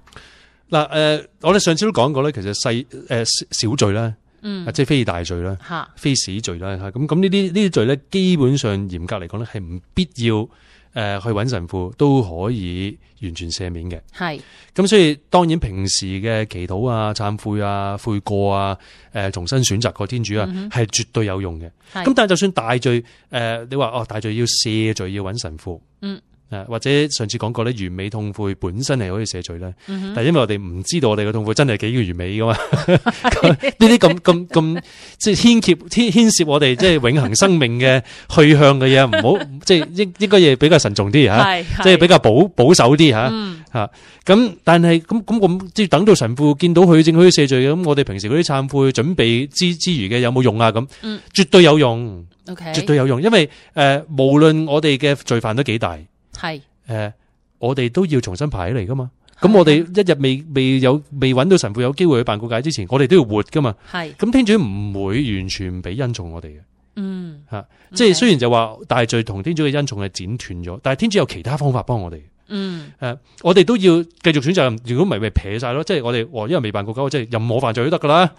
嗱、呃、誒，我哋上次都講過咧，其實細誒、呃、小、小罪啦嗯，即係非大罪啦，非死罪啦，吓，咁咁呢啲呢啲罪咧，基本上嚴格嚟講咧係唔必要誒去揾神父都可以完全赦免嘅。係咁，所以當然平時嘅祈禱啊、懺悔啊、悔過啊、誒重新選擇個天主啊，係、嗯、絕對有用嘅。咁但係就算大罪，誒你話哦大罪要赦罪要揾神父，嗯。或者上次講過咧，完美痛悔本身係可以赦罪咧、嗯，但係因為我哋唔知道我哋嘅痛悔真係幾完美㗎嘛，呢啲咁咁咁即係牽涉牽涉我哋即係永恆生命嘅 去向嘅嘢，唔好即係應應該嘢比較慎重啲嚇，即、嗯、係、就是、比較保保守啲嚇嚇。咁、嗯嗯、但係咁咁，我即係等到神父見到佢正可以赦罪咁我哋平時嗰啲懺悔準備之之餘嘅有冇用啊？咁、嗯、絕對有用，OK，、嗯、絕，絕對有用，因為誒、呃、無論我哋嘅罪犯都幾大。係，誒、呃，我哋都要重新排起嚟噶嘛。咁我哋一日未未有未搵到神父有機會去辦告解之前，我哋都要活噶嘛。係，咁天主唔會完全唔俾恩寵我哋嘅。嗯，吓、啊，即係雖然就話大罪同天主嘅恩寵係剪斷咗，但係天主有其他方法幫我哋。嗯，誒、呃，我哋都要繼續選擇，如果唔係咪撇晒咯？即係我哋，我、哦、因為未辦過交，即係任何犯罪都得噶啦，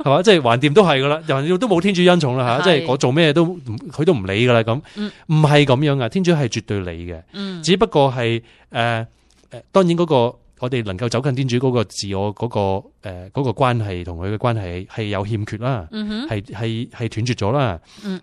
係 嘛？即係橫掂都係噶啦，又都冇天主恩寵啦吓，即係我做咩都佢都唔理噶啦咁，唔係咁樣噶、嗯，天主係絕對理嘅、嗯，只不過係誒誒，當然嗰個我哋能夠走近天主嗰個自我嗰、那個誒嗰、呃那個關係同佢嘅關係係有欠缺啦，係係係斷絕咗啦，誒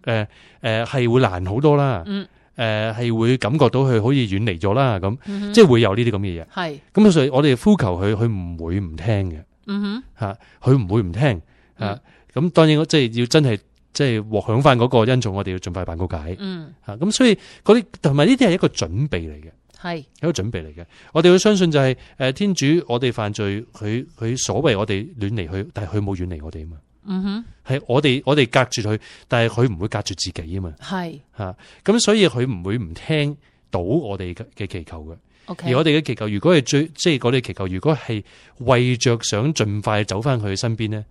誒係會難好多啦。嗯誒、呃，係會感覺到佢好似遠離咗啦，咁即係會有呢啲咁嘅嘢。係咁所以，我哋呼求佢，佢唔會唔聽嘅。嗯哼，吓，佢唔會唔聽吓。咁、嗯啊嗯啊、當然，即係要真係，即係獲享翻嗰個恩寵，我哋要盡快辦告解。嗯，吓、啊，咁所以嗰啲同埋呢啲係一個準備嚟嘅，係一個準備嚟嘅。我哋要相信就係、是，誒、呃，天主，我哋犯罪，佢佢所謂我哋遠離去，但係佢冇遠離我哋嘛。嗯哼，係我哋我哋隔住佢，但係佢唔會隔住自己啊嘛。係吓，咁、啊、所以佢唔會唔聽到我哋嘅祈求嘅。Okay. 而我哋嘅祈求，如果係最即係嗰啲祈求，如果係為着想盡快走翻佢身邊咧，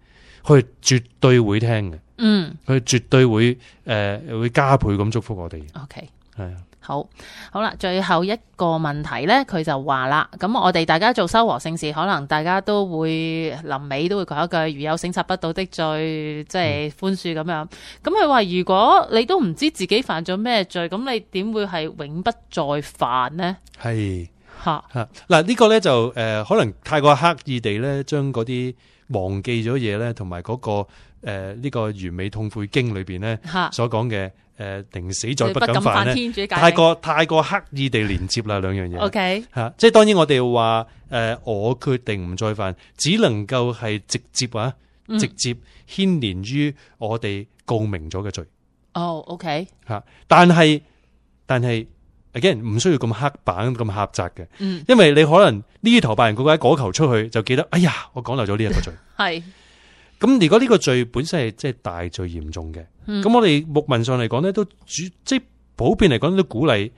佢係絕對會聽嘅。嗯，佢絕對會誒、呃、會加倍咁祝福我哋。OK，係啊。好好啦，最後一個問題呢，佢就話啦，咁我哋大家做修和聖事，可能大家都會臨尾都會講一句，如有省察不到的罪，即係寬恕咁樣。咁佢話如果你都唔知自己犯咗咩罪，咁你點會係永不再犯呢？」係吓吓嗱，呢個呢就誒，可能太過刻意地呢，將嗰啲忘記咗嘢呢，同埋嗰個。誒、呃、呢、這個《完美痛悔經》裏邊咧，所講嘅誒，寧、呃、死再不敢犯咧，犯太過太過刻意地連接啦，兩樣嘢。O K，吓，即係當然我哋話誒，我決定唔再犯，只能夠係直接啊，嗯、直接牽連於我哋告明咗嘅罪。哦，O K，吓，但係但係，again 唔需要咁刻板咁狹窄嘅，嗯、因為你可能呢頭拜人嗰解嗰球出去就記得，哎呀，我講漏咗呢一個罪，係。 咁如果呢個罪本身係即係大罪嚴重嘅，咁、嗯、我哋牧民上嚟講咧都主即係普遍嚟講都鼓勵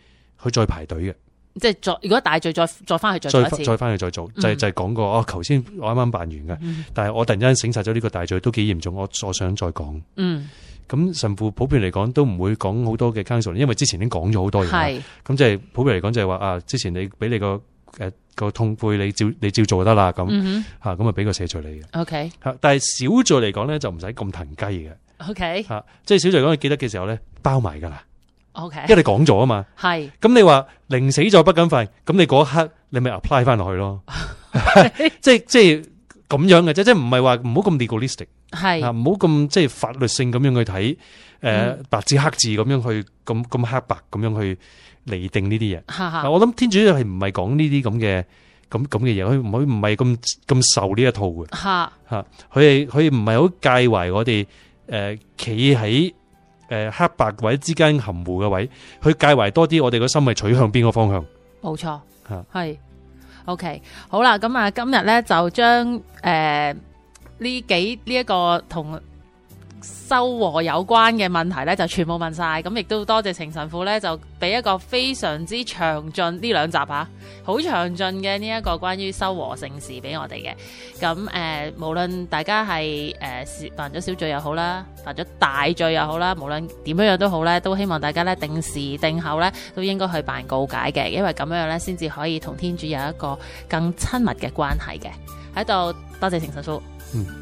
去再排隊嘅，即係再如果大罪再再翻去再做再翻去再做，嗯、就是、就係、是、講過啊頭先我啱啱辦完嘅，嗯、但係我突然間醒晒咗呢個大罪都幾嚴重，我再想再講，嗯，咁神父普遍嚟講都唔會講好多嘅 counsel 因為之前已經講咗好多嘢，係咁即係普遍嚟講就係、是、話啊之前你俾你個。誒、呃，個痛悔你照你照做就得啦，咁吓咁啊，俾個赦罪你嘅。OK，吓但係小罪嚟講咧，就唔使咁騰雞嘅。OK，吓即係小罪講，你記得嘅時候咧包埋噶啦。OK，因為你講咗啊嘛。係。咁、嗯、你話寧死在不緊犯，咁你嗰刻你咪 apply 翻落去咯。即係即係咁樣嘅啫，即係唔係話唔好咁 legalistic，係，唔好咁即係法律性咁樣去睇，誒、呃嗯、白字黑字咁樣去，咁咁黑白咁樣去。嚟定呢啲嘢，係係係我諗天主係唔係講呢啲咁嘅咁咁嘅嘢，佢唔係唔係咁咁受呢一套嘅，吓吓，佢佢唔係好介懷我哋誒，企喺誒黑白位之間含糊嘅位，佢介懷多啲我哋個心係取向邊個方向，冇錯，係，OK，好啦，咁啊，今日咧就將誒呢、呃、幾呢一、呢個同。修和有關嘅問題咧，就全部問晒，咁亦都多謝程神父咧，就俾一個非常之詳盡呢兩集吓，好詳盡嘅呢一個關於修和聖事俾我哋嘅。咁誒、呃，無論大家係誒、呃、犯咗小罪又好啦，犯咗大罪又好啦，無論點樣樣都好咧，都希望大家咧定時定候咧都應該去辦告解嘅，因為咁樣樣咧先至可以同天主有一個更親密嘅關係嘅。喺度多謝程神父。嗯。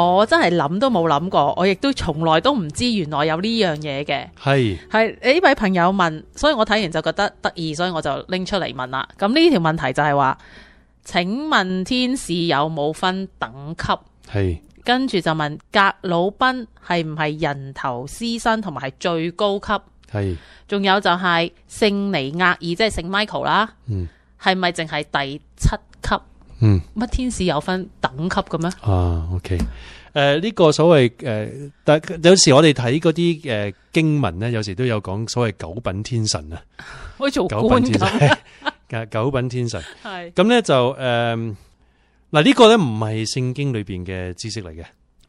我真係諗都冇諗過，我亦都從來都唔知原來有呢樣嘢嘅，係係呢位朋友問，所以我睇完就覺得得意，所以我就拎出嚟問啦。咁呢條問題就係話，請問天使有冇分等級？係，跟住就問格魯賓係唔係人頭獅身，同埋最高級？係，仲有就係聖尼厄爾，即係聖 Michael 啦、嗯，係咪淨係第七級？嗯，乜天使有分等級嘅咩？啊，OK，誒，呢、呃這個所謂誒、呃，但有時我哋睇嗰啲誒經文咧，有時都有講所謂九品天神啊，可以做官嘅九品天神九品天神，係咁咧就誒，嗱、呃、呢、這個咧唔係聖經裏邊嘅知識嚟嘅。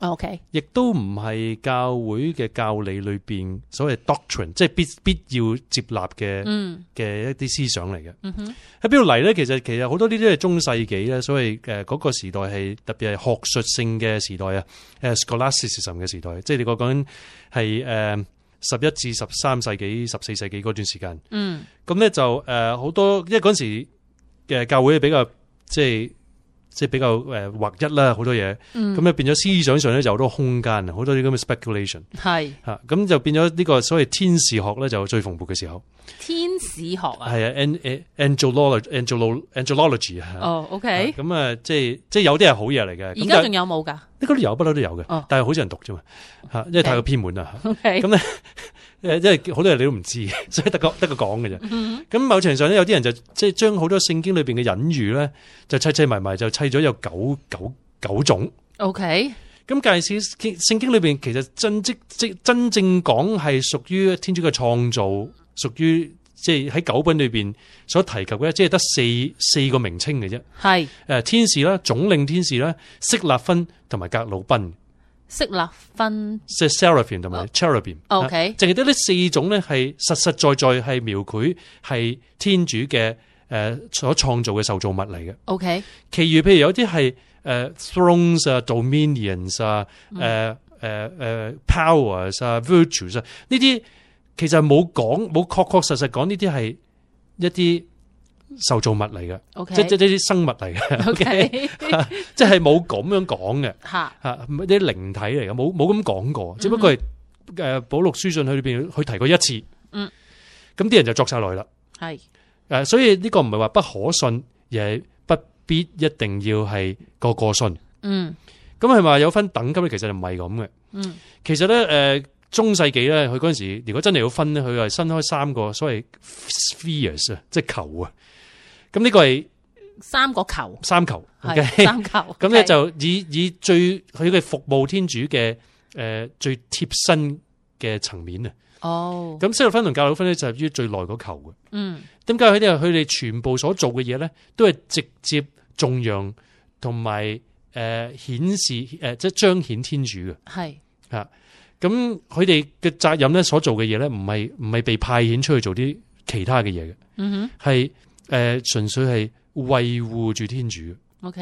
OK，亦都唔係教會嘅教理裏邊所謂 doctrine，即係必必要接納嘅嘅、嗯、一啲思想嚟嘅。喺邊度嚟咧？其實其實好多呢啲係中世紀咧，所謂誒嗰個時代係特別係學術性嘅時代啊。誒，scholasticism 嘅時代，即係你講緊係誒十一至十三世紀、十四世紀嗰段時間。嗯，咁咧就誒好多，因為嗰陣時嘅教會比較即係。即係比較誒劃一啦，好多嘢，咁啊變咗思想上咧就好多空間，好多啲咁嘅 speculation，係吓，咁就變咗呢個所謂天使學咧、啊、就、啊、最蓬勃嘅時候。天使學啊，係啊，angelology，angelology，哦，OK，咁啊，即係即係有啲係好嘢嚟嘅。而家仲有冇噶？呢度有，不嬲都有嘅，但係好少人讀啫嘛，吓，因為太過偏門啦。咁咧。誒，即係好多嘢你都唔知，所以得個得個講嘅啫。咁某程度上咧，有啲人就即係將好多聖經裏邊嘅隱喻咧，就砌砌埋埋，就砌咗有九九九種。OK，咁介此，聖經裏邊其實真即即真正講係屬於天主嘅創造，屬於即係喺九品裏邊所提及嘅，即係得四四個名稱嘅啫。係誒，天使啦，總領天使啦，色立芬同埋格魯賓。色立芬、色瑟拉芬同埋查拉賓，OK，淨係得呢四種咧，係實實在在係描繪係天主嘅誒所創造嘅受造物嚟嘅，OK。其餘譬如有啲係誒 Thrones 啊、Dominions 啊、誒誒誒 Powers 啊、Virtues 啊，呢啲其實冇講冇確確實實講呢啲係一啲。受造物嚟嘅，okay. 即即即啲生物嚟嘅，okay. 即係冇咁樣講嘅，吓吓啲靈體嚟嘅，冇冇咁講過，只不過係誒保羅書信去裏邊去提過一次，嗯，咁啲人就作晒來啦，係誒，所以呢個唔係話不可信，而係不必一定要係個個信，嗯，咁係咪有分等級？其實就唔係咁嘅，嗯，其實咧誒、呃、中世紀咧，佢嗰陣時候如果真係要分咧，佢係新開三個所謂 spheres 啊，即係球啊。咁呢個係三個球，三球，係、okay? 三球。咁、okay? 咧就以以最佢嘅服務天主嘅誒、呃、最貼身嘅層面啊。哦，咁收入分同教友分咧就係於最內個球嘅。嗯，點解佢哋佢哋全部所做嘅嘢咧，都係直接頌揚同埋誒顯示誒、呃呃、即係彰顯天主嘅。係吓，咁佢哋嘅責任咧所做嘅嘢咧，唔係唔係被派遣出去做啲其他嘅嘢嘅。嗯哼，係。誒、呃，純粹係維護住天主 OK，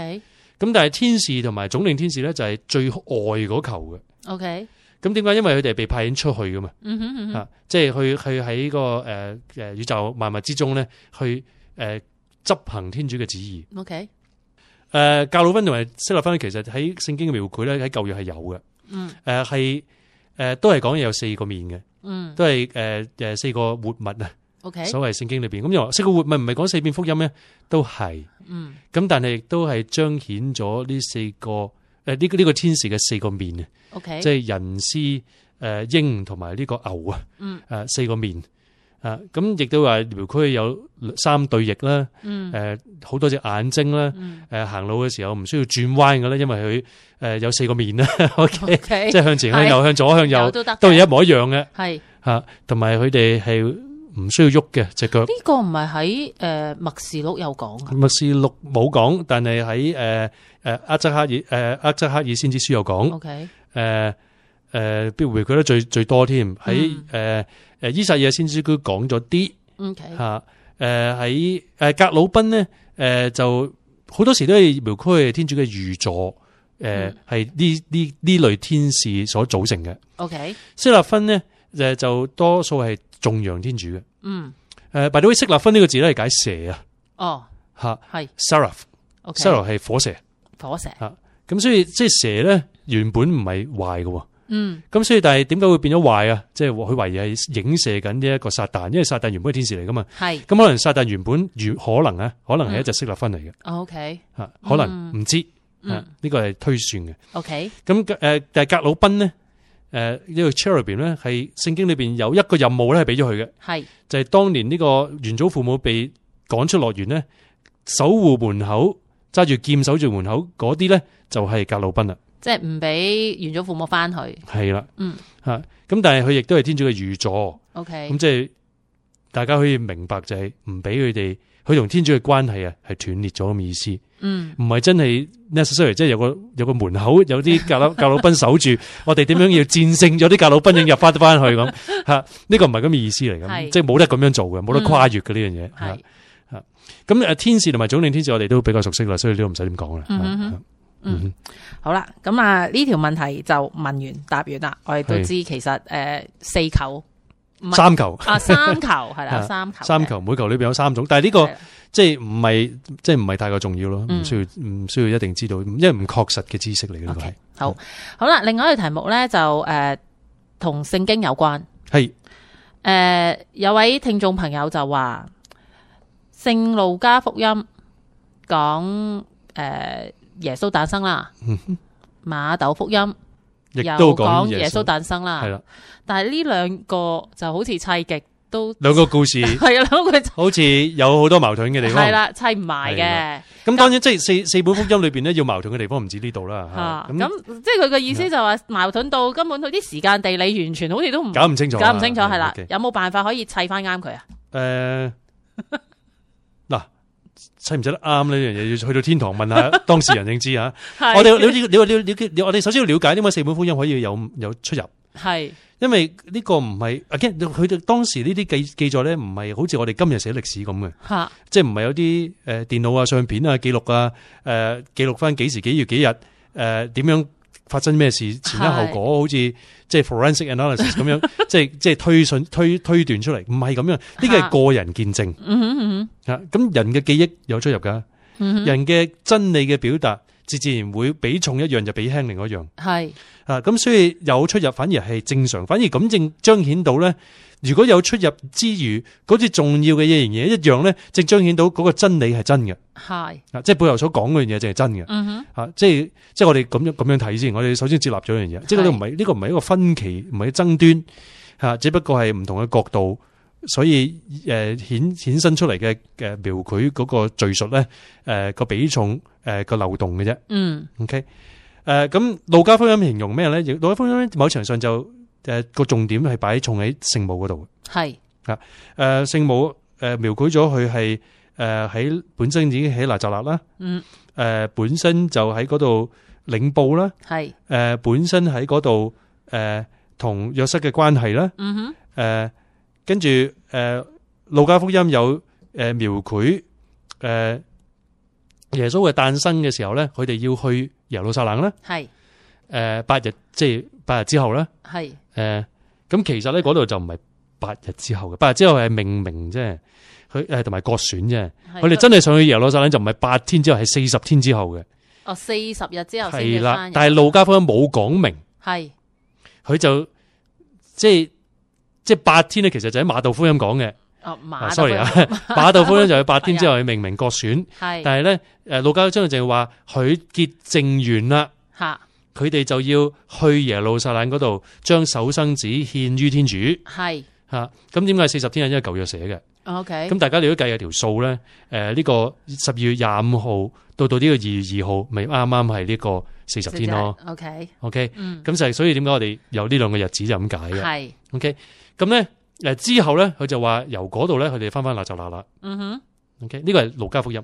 咁但係天使同埋總領天使咧，就係最愛嗰球嘅。OK，咁點解？因為佢哋係被派遣出去噶嘛。嗯哼，嗯哼，吓、啊，即係去去喺、那個誒誒、呃、宇宙萬物之中咧，去誒執、呃、行天主嘅旨意。OK，誒、呃，教老芬同埋色立芬，其實喺聖經嘅描繪咧，喺舊月舊約係有嘅。嗯，誒、呃，係誒、呃，都係講有四個面嘅。嗯，都係誒誒四個活物啊。OK，所謂聖經裏邊咁又話四個活物唔係講四遍福音咩？都係，嗯，咁但係亦都係彰顯咗呢四個誒呢呢個天使嘅四個面啊，OK，即係人、獅、誒鷹同埋呢個牛啊，嗯，誒四個面啊，咁亦都話佢有三對翼啦，嗯，誒好多隻眼睛啦，誒行路嘅時候唔需要轉彎㗎啦，因為佢誒有四個面啦，OK，即係向前、向右、向左、向右都係一模一樣嘅，係吓，同埋佢哋係。唔需要喐嘅隻腳。呢、這個唔係喺誒默示錄有講。默示錄冇講，但係喺誒誒厄則克爾誒厄則克爾先知書有講。O、okay. K、呃。誒、呃、誒，庇佢得最最多添。喺誒誒依撒意亞先知書講咗啲。O、okay. K、啊。吓，誒喺誒革魯賓呢誒就好多時都係苗護區天主嘅御座。誒係呢呢呢類天使所組成嘅。O、okay. K。色辣芬呢誒就多數係。重揚天主嘅，嗯，誒 b u 會色立芬呢個字咧係解蛇啊，哦，吓係 s a r a p h s a r a f h 係火蛇，火蛇，咁、啊、所以即係蛇咧原本唔係壞嘅，嗯，咁所以但係點解會變咗壞啊？即係佢懷疑係影射緊呢一個撒旦，因為撒旦原本係天使嚟噶嘛，係，咁、啊、可能撒旦原本如可能啊可能係一隻色立芬嚟嘅，ok，吓可能唔知，呢、嗯啊這個係推算嘅，ok，咁誒、啊，但係格魯賓咧。誒，呢個 cherubin 咧係聖經裏邊有一個任務咧係俾咗佢嘅，係就係當年呢個原祖父母被趕出樂園呢，守護門口揸住劍守住門口嗰啲咧就係格魯賓啦，即係唔俾原祖父母翻去。係啦，嗯吓，咁但係佢亦都係天主嘅預助，OK，咁即係大家可以明白就係唔俾佢哋。佢同天主嘅關係啊，係斷裂咗咁嘅意思。嗯，唔係真係 necessary，即係有個有個門口 有啲革魯、革魯賓守住， 我哋點樣要戰勝有啲革魯賓要入翻翻去咁吓？呢、 這個唔係咁嘅意思嚟嘅，即係冇得咁樣做嘅，冇、嗯、得跨越嘅呢、嗯、樣嘢。係咁誒，天使同埋總領天使我哋都比較熟悉啦，所以呢個唔使點講啦。嗯，嗯，嗯好啦，咁啊呢條問題就問完答完啦，我哋都知其實誒、呃、四球。三球啊，三球係啦， 三球三球每球裏邊有三種，但係呢、這個即係唔係即係唔係太過重要咯，唔、嗯、需要唔需要一定知道，因為唔確實嘅知識嚟嘅呢個係。好，好啦，另外一個題目咧就誒同聖經有關，係誒、呃、有位聽眾朋友就話聖路加福音講誒、呃、耶穌誕生啦、嗯，馬竇福音。亦都講耶穌誕生啦，係啦，但係呢兩個就好似砌極都兩個故事係啊，兩個好似有好多矛盾嘅地方，係啦，砌唔埋嘅。咁當然即係四四本福音裏邊咧，要矛盾嘅地方唔止呢度啦。吓、啊、咁即係佢嘅意思就話矛盾到根本佢啲時間地理完全好似都唔搞唔清，啊、清楚，搞唔清楚係啦，okay、有冇辦法可以砌翻啱佢啊？誒、呃，嗱。 使唔使得啱呢樣嘢？要去到天堂問下當事人先知啊！ 我哋你你你你你我哋首先要了解點解四本福音可以有有出入？係因為呢個唔係啊，驚佢哋當時呢啲記記載咧，唔係好似我哋今日寫歷史咁嘅，即係唔係有啲誒電腦啊、相片啊、記錄啊、誒記錄翻幾時、幾月、幾日誒點、呃、樣發生咩事、前因後果，好似。即係 forensic analysis 咁樣， 即係即係推信推推斷出嚟，唔係咁樣，呢個係個人見證吓。咁 人嘅記憶有出入噶， 人嘅真理嘅表達自自然會比重一樣就比輕另一樣，係 咁所以有出入反而係正常，反而咁正彰顯到咧。如果有出入之餘嗰啲重要嘅嘢樣嘢，一樣咧，正彰顯到嗰個真理係真嘅。係啊，即係背後所講嗰樣嘢，正係真嘅。嗯哼，啊，即係即係我哋咁樣咁樣睇先，我哋首先接納咗樣嘢，即係唔係呢個唔係，這個，一個分歧，唔係爭端，吓，只不過係唔同嘅角度，所以誒衍衍生出嚟嘅誒描繪嗰個敘述咧，誒、呃、個比重誒、呃、個流動嘅啫。嗯，OK，誒咁路加福音咁形容咩咧？路加福音咧某程度上就。誒、呃，個重點係擺重喺聖母嗰度嘅。係啊，誒、呃，聖母誒、呃，描繪咗佢係誒喺本身已經喺拿撒勒啦。嗯。誒、呃，本身就喺嗰度領報啦。係、呃。誒，本身喺嗰度誒同約瑟嘅關係啦。嗯哼。誒、呃，跟住誒路加福音有誒描繪誒、呃、耶穌嘅誕生嘅時候咧，佢哋要去耶路撒冷啦。係。誒、呃，八日即係八日之後啦。係。誒，咁其實咧嗰度就唔係八日之後嘅，八日之後係命名啫，佢誒同埋割損啫。佢哋真係上去耶路撒冷就唔係八天之後，係四十天之後嘅。哦，四十日之後係啦，但係路加福音冇講明。係，佢就即係即係八天咧，其實就喺馬竇福音講嘅。哦，馬。sorry 啊，啊，馬竇福音就係八天之後去命名割損。係，但係咧，誒，路加福音就係話佢潔淨完啦。吓。佢哋就要去耶路撒冷嗰度，將首生子獻於天主。係、啊、吓，咁點解四十天係因為舊約寫嘅？OK，咁、嗯、大家你都計下條數咧。誒、呃、呢、這個十二月廿五號到到呢個二月二號，咪啱啱係呢個四十天咯。OK，OK，咁就係所以點解我哋有呢兩個日子就咁解嘅。係 OK，咁咧誒之後咧，佢就話由嗰度咧，佢哋翻翻納匝肋啦。嗯哼，OK，呢個係路加福音，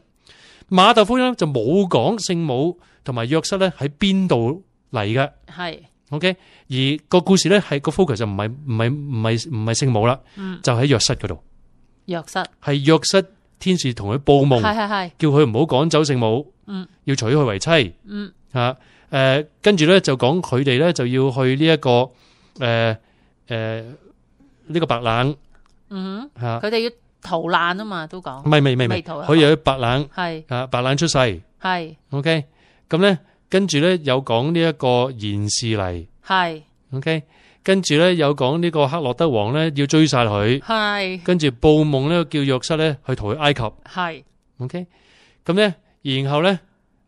馬竇福音咧就冇講聖母同埋約瑟咧喺邊度嚟噶，係，OK，而個故事咧係個 focus 就唔係唔係唔係唔係聖母啦、嗯，就喺若瑟嗰度。若瑟係若瑟，若瑟天使同佢報夢，係係係，叫佢唔好趕走聖母，嗯，要娶佢為妻，嗯，吓，誒、呃，跟住咧就講佢哋咧就要去呢、這、一個，誒、呃、誒，呢、呃這個白冷，嗯，吓，佢哋要逃難啊嘛，都講，唔係唔係唔係去白冷，係，白冷出世，係，OK，咁咧。跟住咧有講呢，一個賢士嚟，係，OK，跟住咧有講呢個黑落德王咧要追殺佢，係，跟住報夢個叫約瑟咧去逃去埃及，係，OK，咁、嗯、咧然後咧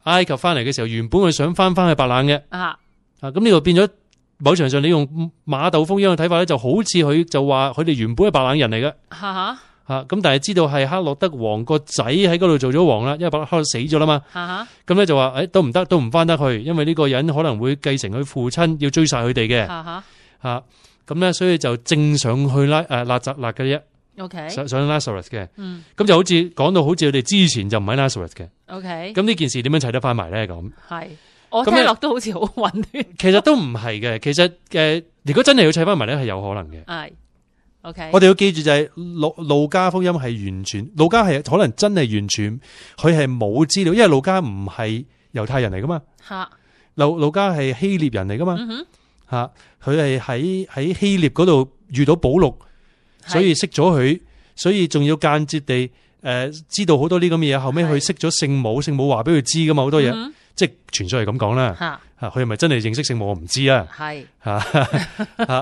埃及翻嚟嘅時候，原本佢想翻翻去白冷嘅啊，啊，咁呢度變咗某程度上你用馬竇風，呢樣睇法咧，就好似佢就話佢哋原本係白冷人嚟嘅，哈、啊、哈。吓咁，但係知道係克洛德王個仔喺嗰度做咗王啦，因為克洛死咗啦嘛。咁、嗯、咧、嗯嗯嗯、就話，誒、哎，都唔得，都唔翻得去，因為呢個人可能會繼承佢父親，要追殺佢哋嘅。吓咁咧，所以就正想去拉誒拿撒勒嘅啫。O K 上、嗯、上拿撒勒嘅。咁、嗯、就好似講到好似佢哋之前就唔喺拿撒勒嘅。O、嗯、K。咁呢件事點樣砌得翻埋咧？咁係，我聽落 都好似好混亂。其實都唔係嘅，其實嘅，如果真係要砌翻埋咧，係有可能嘅。係。Okay, 我哋要記住就係路加，路加福音係完全路加係可能真係完全佢係冇資料，因為路加唔係猶太人嚟噶嘛吓，路加係希臘人嚟噶嘛吓，佢係喺喺希臘嗰度遇到保祿，所以識咗佢，所以仲要間接地誒知道好多呢咁嘅嘢，後尾佢識咗聖母，聖母話俾佢知噶嘛，好多嘢、嗯、即係傳說係咁講啦吓，佢係咪真係認識聖母我唔知啊？係吓吓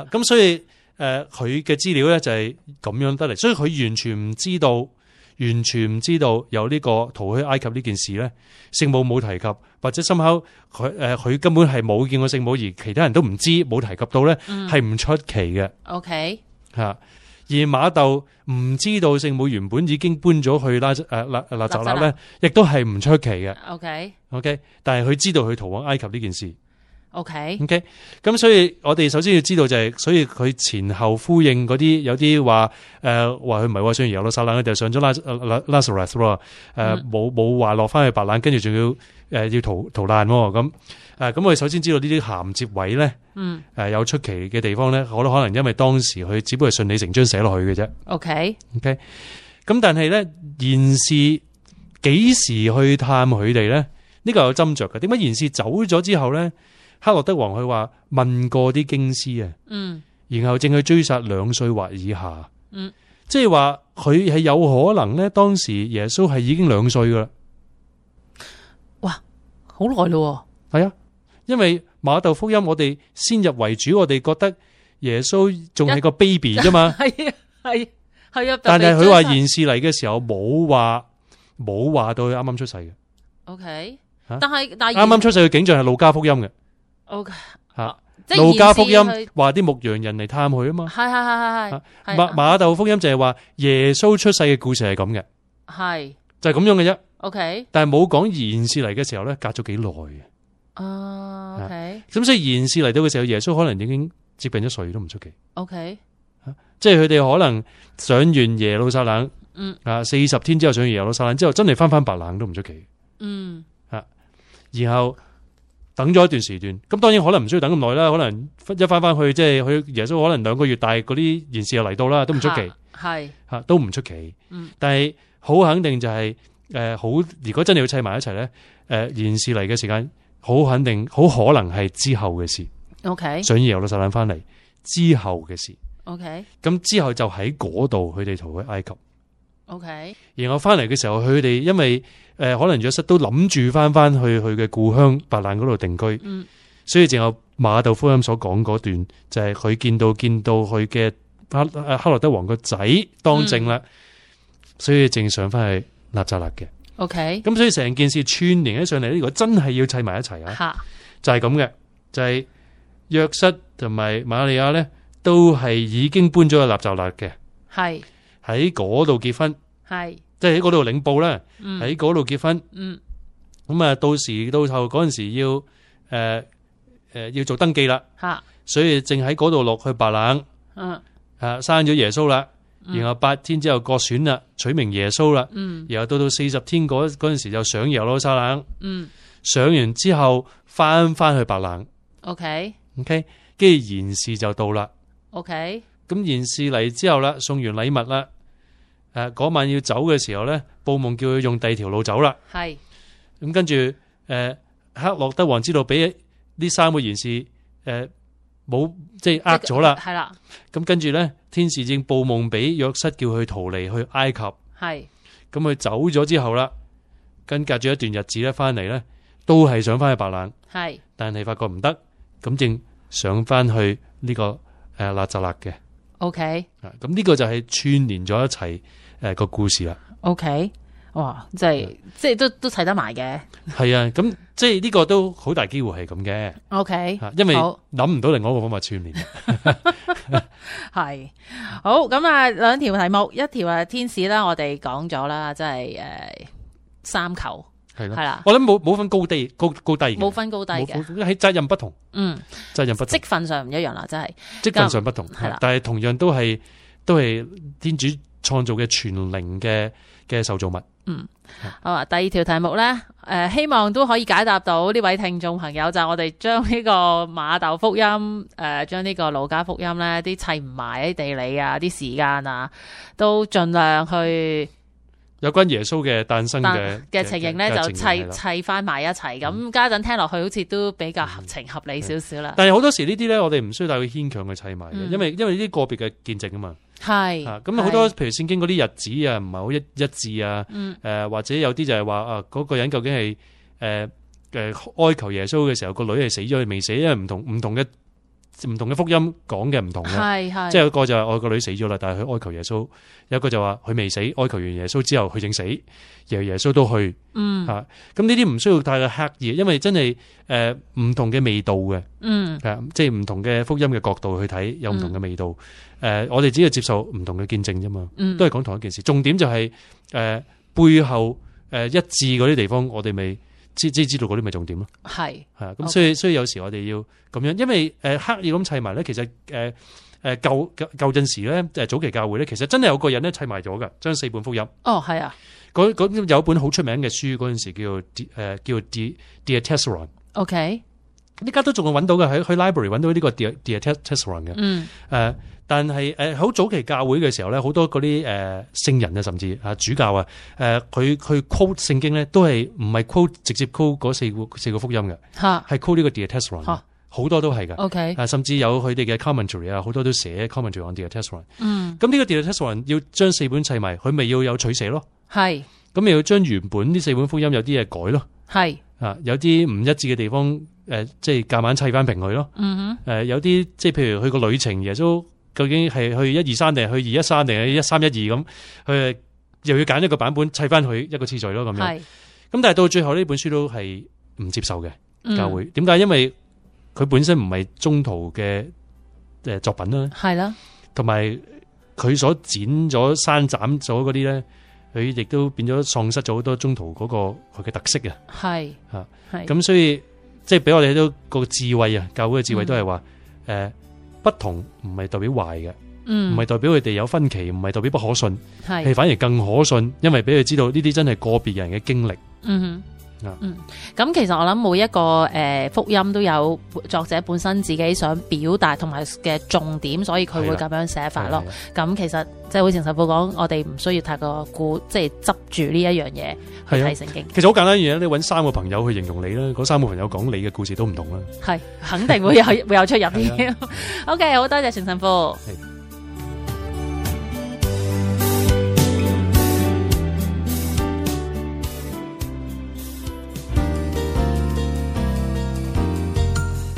咁所以。誒、呃，佢嘅資料咧就係咁樣得嚟，所以佢完全唔知道，完全唔知道有呢個逃去埃及呢件事咧，聖母冇提及，或者心口佢誒，佢、呃、根本係冇見過聖母，而其他人都唔知冇提及到咧，係唔出奇嘅。OK，吓，而馬竇唔知道聖母原本已經搬咗去拉誒拉拉匝肋咧，亦都係唔出奇嘅。OK，OK，、okay, okay, 但係佢知道佢逃往埃及呢件事。O K，O K，咁所以我哋首先要知道就係、是，所以佢前後呼應嗰啲有啲話，誒話佢唔係話上完耶路撒冷，佢就上咗拉拉拉，拉拉拉誒冇冇話落翻去白冷，跟住仲要誒、呃、要逃難喎。咁，誒咁、呃、我哋首先知道呢啲銜接位咧，嗯，誒、呃、有出奇嘅地方咧，我能可能因為當時佢只不過順理成章寫落去嘅啫。O K，O K，咁但係咧，賢士幾時去探佢哋咧？呢個有斟酌嘅，點解賢士走咗之後咧？克洛德王佢話問過啲經師啊，嗯，然後正去追殺兩歲或以下，嗯，即係話佢係有可能咧，當時耶穌係已經兩歲噶啦，哇，好耐咯，係啊，因為馬竇福音我哋先入為主，我哋覺得耶穌仲係個 baby 啫嘛，係啊，係、就、係、係 okay, 啊，但係佢話現時嚟嘅時候冇話冇話到佢啱啱出世嘅，O K，但係但啱啱出世嘅景象係路加福音嘅。O K，吓，即係路加福音話啲牧羊人嚟探佢啊嘛，係係係係係馬馬竇福音就係話耶穌出世嘅故事係咁嘅，係就係咁樣嘅啫。O、okay? K，但係冇講賢士嚟嘅時候咧，隔咗幾耐啊？O K，咁所以賢士嚟到嘅時候，耶穌可能已經接病咗，所以都唔出奇。O、okay? K，、啊、即係佢哋可能上完耶路撒冷，嗯啊，四十天之後上完耶路撒冷之後，真係翻翻白冷都唔出奇。嗯啊，然後。等咗一段時段，咁當然可能唔需要等咁耐啦。可能一翻翻去，即係佢耶穌可能兩個月，但係嗰啲現時又嚟到啦，都唔出奇，係吓都唔出奇。嗯，但係好肯定就係、是、誒、呃、好。如果真係要砌埋一齊咧，誒現時嚟嘅時間好肯定，好可能係之後嘅事。O K. 上耶路撒冷翻嚟之後嘅事。O K. 咁之後就喺嗰度，佢哋逃去埃及。O、okay, K，然後翻嚟嘅時候，佢哋因為誒、呃、可能約瑟都諗住翻翻去佢嘅故鄉伯南嗰度定居，嗯、所以淨有馬太福音所講嗰段就係、是、佢見到見到佢嘅哈誒哈羅德王個仔當政啦、嗯，所以正想返去拿撒勒嘅。O K，咁所以成件事串聯一上嚟，呢、這個真係要砌埋一齊啊！就係咁嘅，就係、是就是、約瑟同埋瑪利亞咧都係已經搬咗去拿撒勒嘅，係。喺嗰度結婚，係，即係喺嗰度領報啦，喺嗰度結婚，嗯，咁啊，到時到頭嗰陣時要，誒、呃，誒、呃，要做登記啦，吓，所以正喺嗰度落去白冷，嗯，啊，生咗耶穌啦，嗯，然後八天之後過選啦，取名耶穌啦，嗯，然後到到四十天嗰嗰陣時就上耶路撒冷，嗯，上完之後翻翻去白冷，OK，OK，跟住賢士就到啦，OK，咁賢士嚟之後啦，送完禮物啦。誒、啊，嗰晚要走嘅時候咧，報夢叫佢用第二條路走啦。係咁跟住，誒、呃，黑落德王知道俾呢三個賢士，誒、呃，冇即係呃咗啦。係啦，咁跟住咧，天使正報夢俾約瑟，叫佢逃離去埃及。係咁佢走咗之後啦，跟隔住一段日子咧，翻嚟咧都係想翻去白冷。係，但係發覺唔得，咁正想翻去呢、這個誒納匝肋嘅。呃、o、okay、K，啊，咁呢個就係串聯咗一齊。誒，個故事啦，OK，哇，即係即係都都睇得埋嘅，係啊，咁即係呢個都好大機會係咁嘅，OK，啊，因為諗唔到另外一個方法串聯，係 好咁啊，兩條題目，一條啊天使啦，我哋講咗啦，即係誒三球係啦，我諗冇冇分高低高高低冇分高低嘅，喺責任不同，嗯，責任不同，積分上唔一樣啦，真係積分上不同係啦，但係同樣都係都係天主。創造嘅全靈嘅嘅受造物。嗯，好啊。第二條題目咧，誒、呃，希望都可以解答到呢位聽眾朋友。就是、我哋將呢個馬竇福音，誒、呃，將呢個路加福音咧，啲砌唔埋喺地理啊，啲時間啊，都盡量去有關耶穌嘅誕生嘅嘅情形咧，就砌砌翻埋一齊。咁家陣聽落去好似都比較合情合理少少啦。但係好多時呢啲咧，我哋唔需要太過牽強去砌埋嘅，因為因為呢啲個別嘅見證啊嘛。係啊，咁啊好多，譬如聖經啲日子啊，唔係好一一致，啊誒、嗯呃，或者有啲就係話啊，嗰、那個、人究竟係誒誒哀求耶穌嘅時候，個女係死咗佢未死？因為唔同唔同嘅。唔同嘅福音講嘅唔同嘅，是是即係有個就係我個女死咗啦，但係佢哀求耶穌；有個就話佢未死，哀求完耶穌之後佢正死，後耶穌耶穌都去，嗯吓、啊。咁呢啲唔需要太過刻意，因為真係誒唔同嘅味道嘅，嗯、啊，即係唔同嘅福音嘅角度去睇，有唔同嘅味道。誒、嗯啊，我哋只要接受唔同嘅見證啫嘛，都係講同一件事。重點就係、是、誒、呃、背後誒、呃、一致嗰啲地方，我哋未。知知道嗰啲咪重點咯，係啊，咁所以、okay. 所以有時我哋要咁樣，因為誒刻意咁砌埋咧，其實誒誒、呃、舊舊舊陣時咧早期教會咧，其實真係有個人咧砌埋咗㗎，將四本福音。哦，係啊，嗰嗰有本好出名嘅書，嗰陣時叫誒、呃、叫 D Diatessaron。OK，依家都仲會揾到嘅喺 library 揾到呢個 Diatessaron 嘅。嗯、啊但係誒好早期教會嘅時候咧，好多嗰啲誒聖人啊，甚至啊主教啊，誒佢佢 quote 聖經咧，都係唔係 quote 直接 quote 嗰四個四個福音嘅，吓係 quote 呢個 diatessaron，嚇好多都係嘅，OK 啊，甚至有佢哋嘅 commentary 啊，好多都寫 commentary on diatessaron，嗯，咁呢個 diatessaron 要將四本砌埋，佢咪要有取捨咯，係，咁咪要將原本呢四本福音有啲嘢改咯，係，啊有啲唔一致嘅地方，誒、呃、即係夾硬砌翻平佢咯，嗯哼，誒、呃、有啲即係譬如佢個旅程耶穌。究竟係去一二三定係去二一三定係一三一二咁？佢又要揀一個版本砌翻佢一個次序咯咁樣。咁但係到最後呢本書都係唔接受嘅教會。點、嗯、解？因為佢本身唔係中途嘅誒作品啦。係啦，同埋佢所剪咗刪斬咗嗰啲咧，佢亦都變咗喪失咗好多中途嗰、那個佢嘅特色嘅。係吓、啊，咁所以即係俾我哋都個智慧啊，教會嘅智慧都係話誒。嗯呃不同唔係代表壞嘅，唔係代表佢哋有分歧，唔係代表不可信，嗯、係反而更可信，因為俾佢知道呢啲真係個別人嘅經歷。嗯哼嗯，咁其實我諗每一個誒、呃、福音都有作者本身自己想表達同埋嘅重點，所以佢會咁樣寫法咯。咁其實即係、就是、會陳神父講，我哋唔需要太過估，即係執住呢一樣嘢去睇聖經。其實好簡單嘅嘢，你搵三個朋友去形容你啦，嗰三個朋友講你嘅故事都唔同啦，係肯定會有 會有出入啲。OK，好多謝陳神父。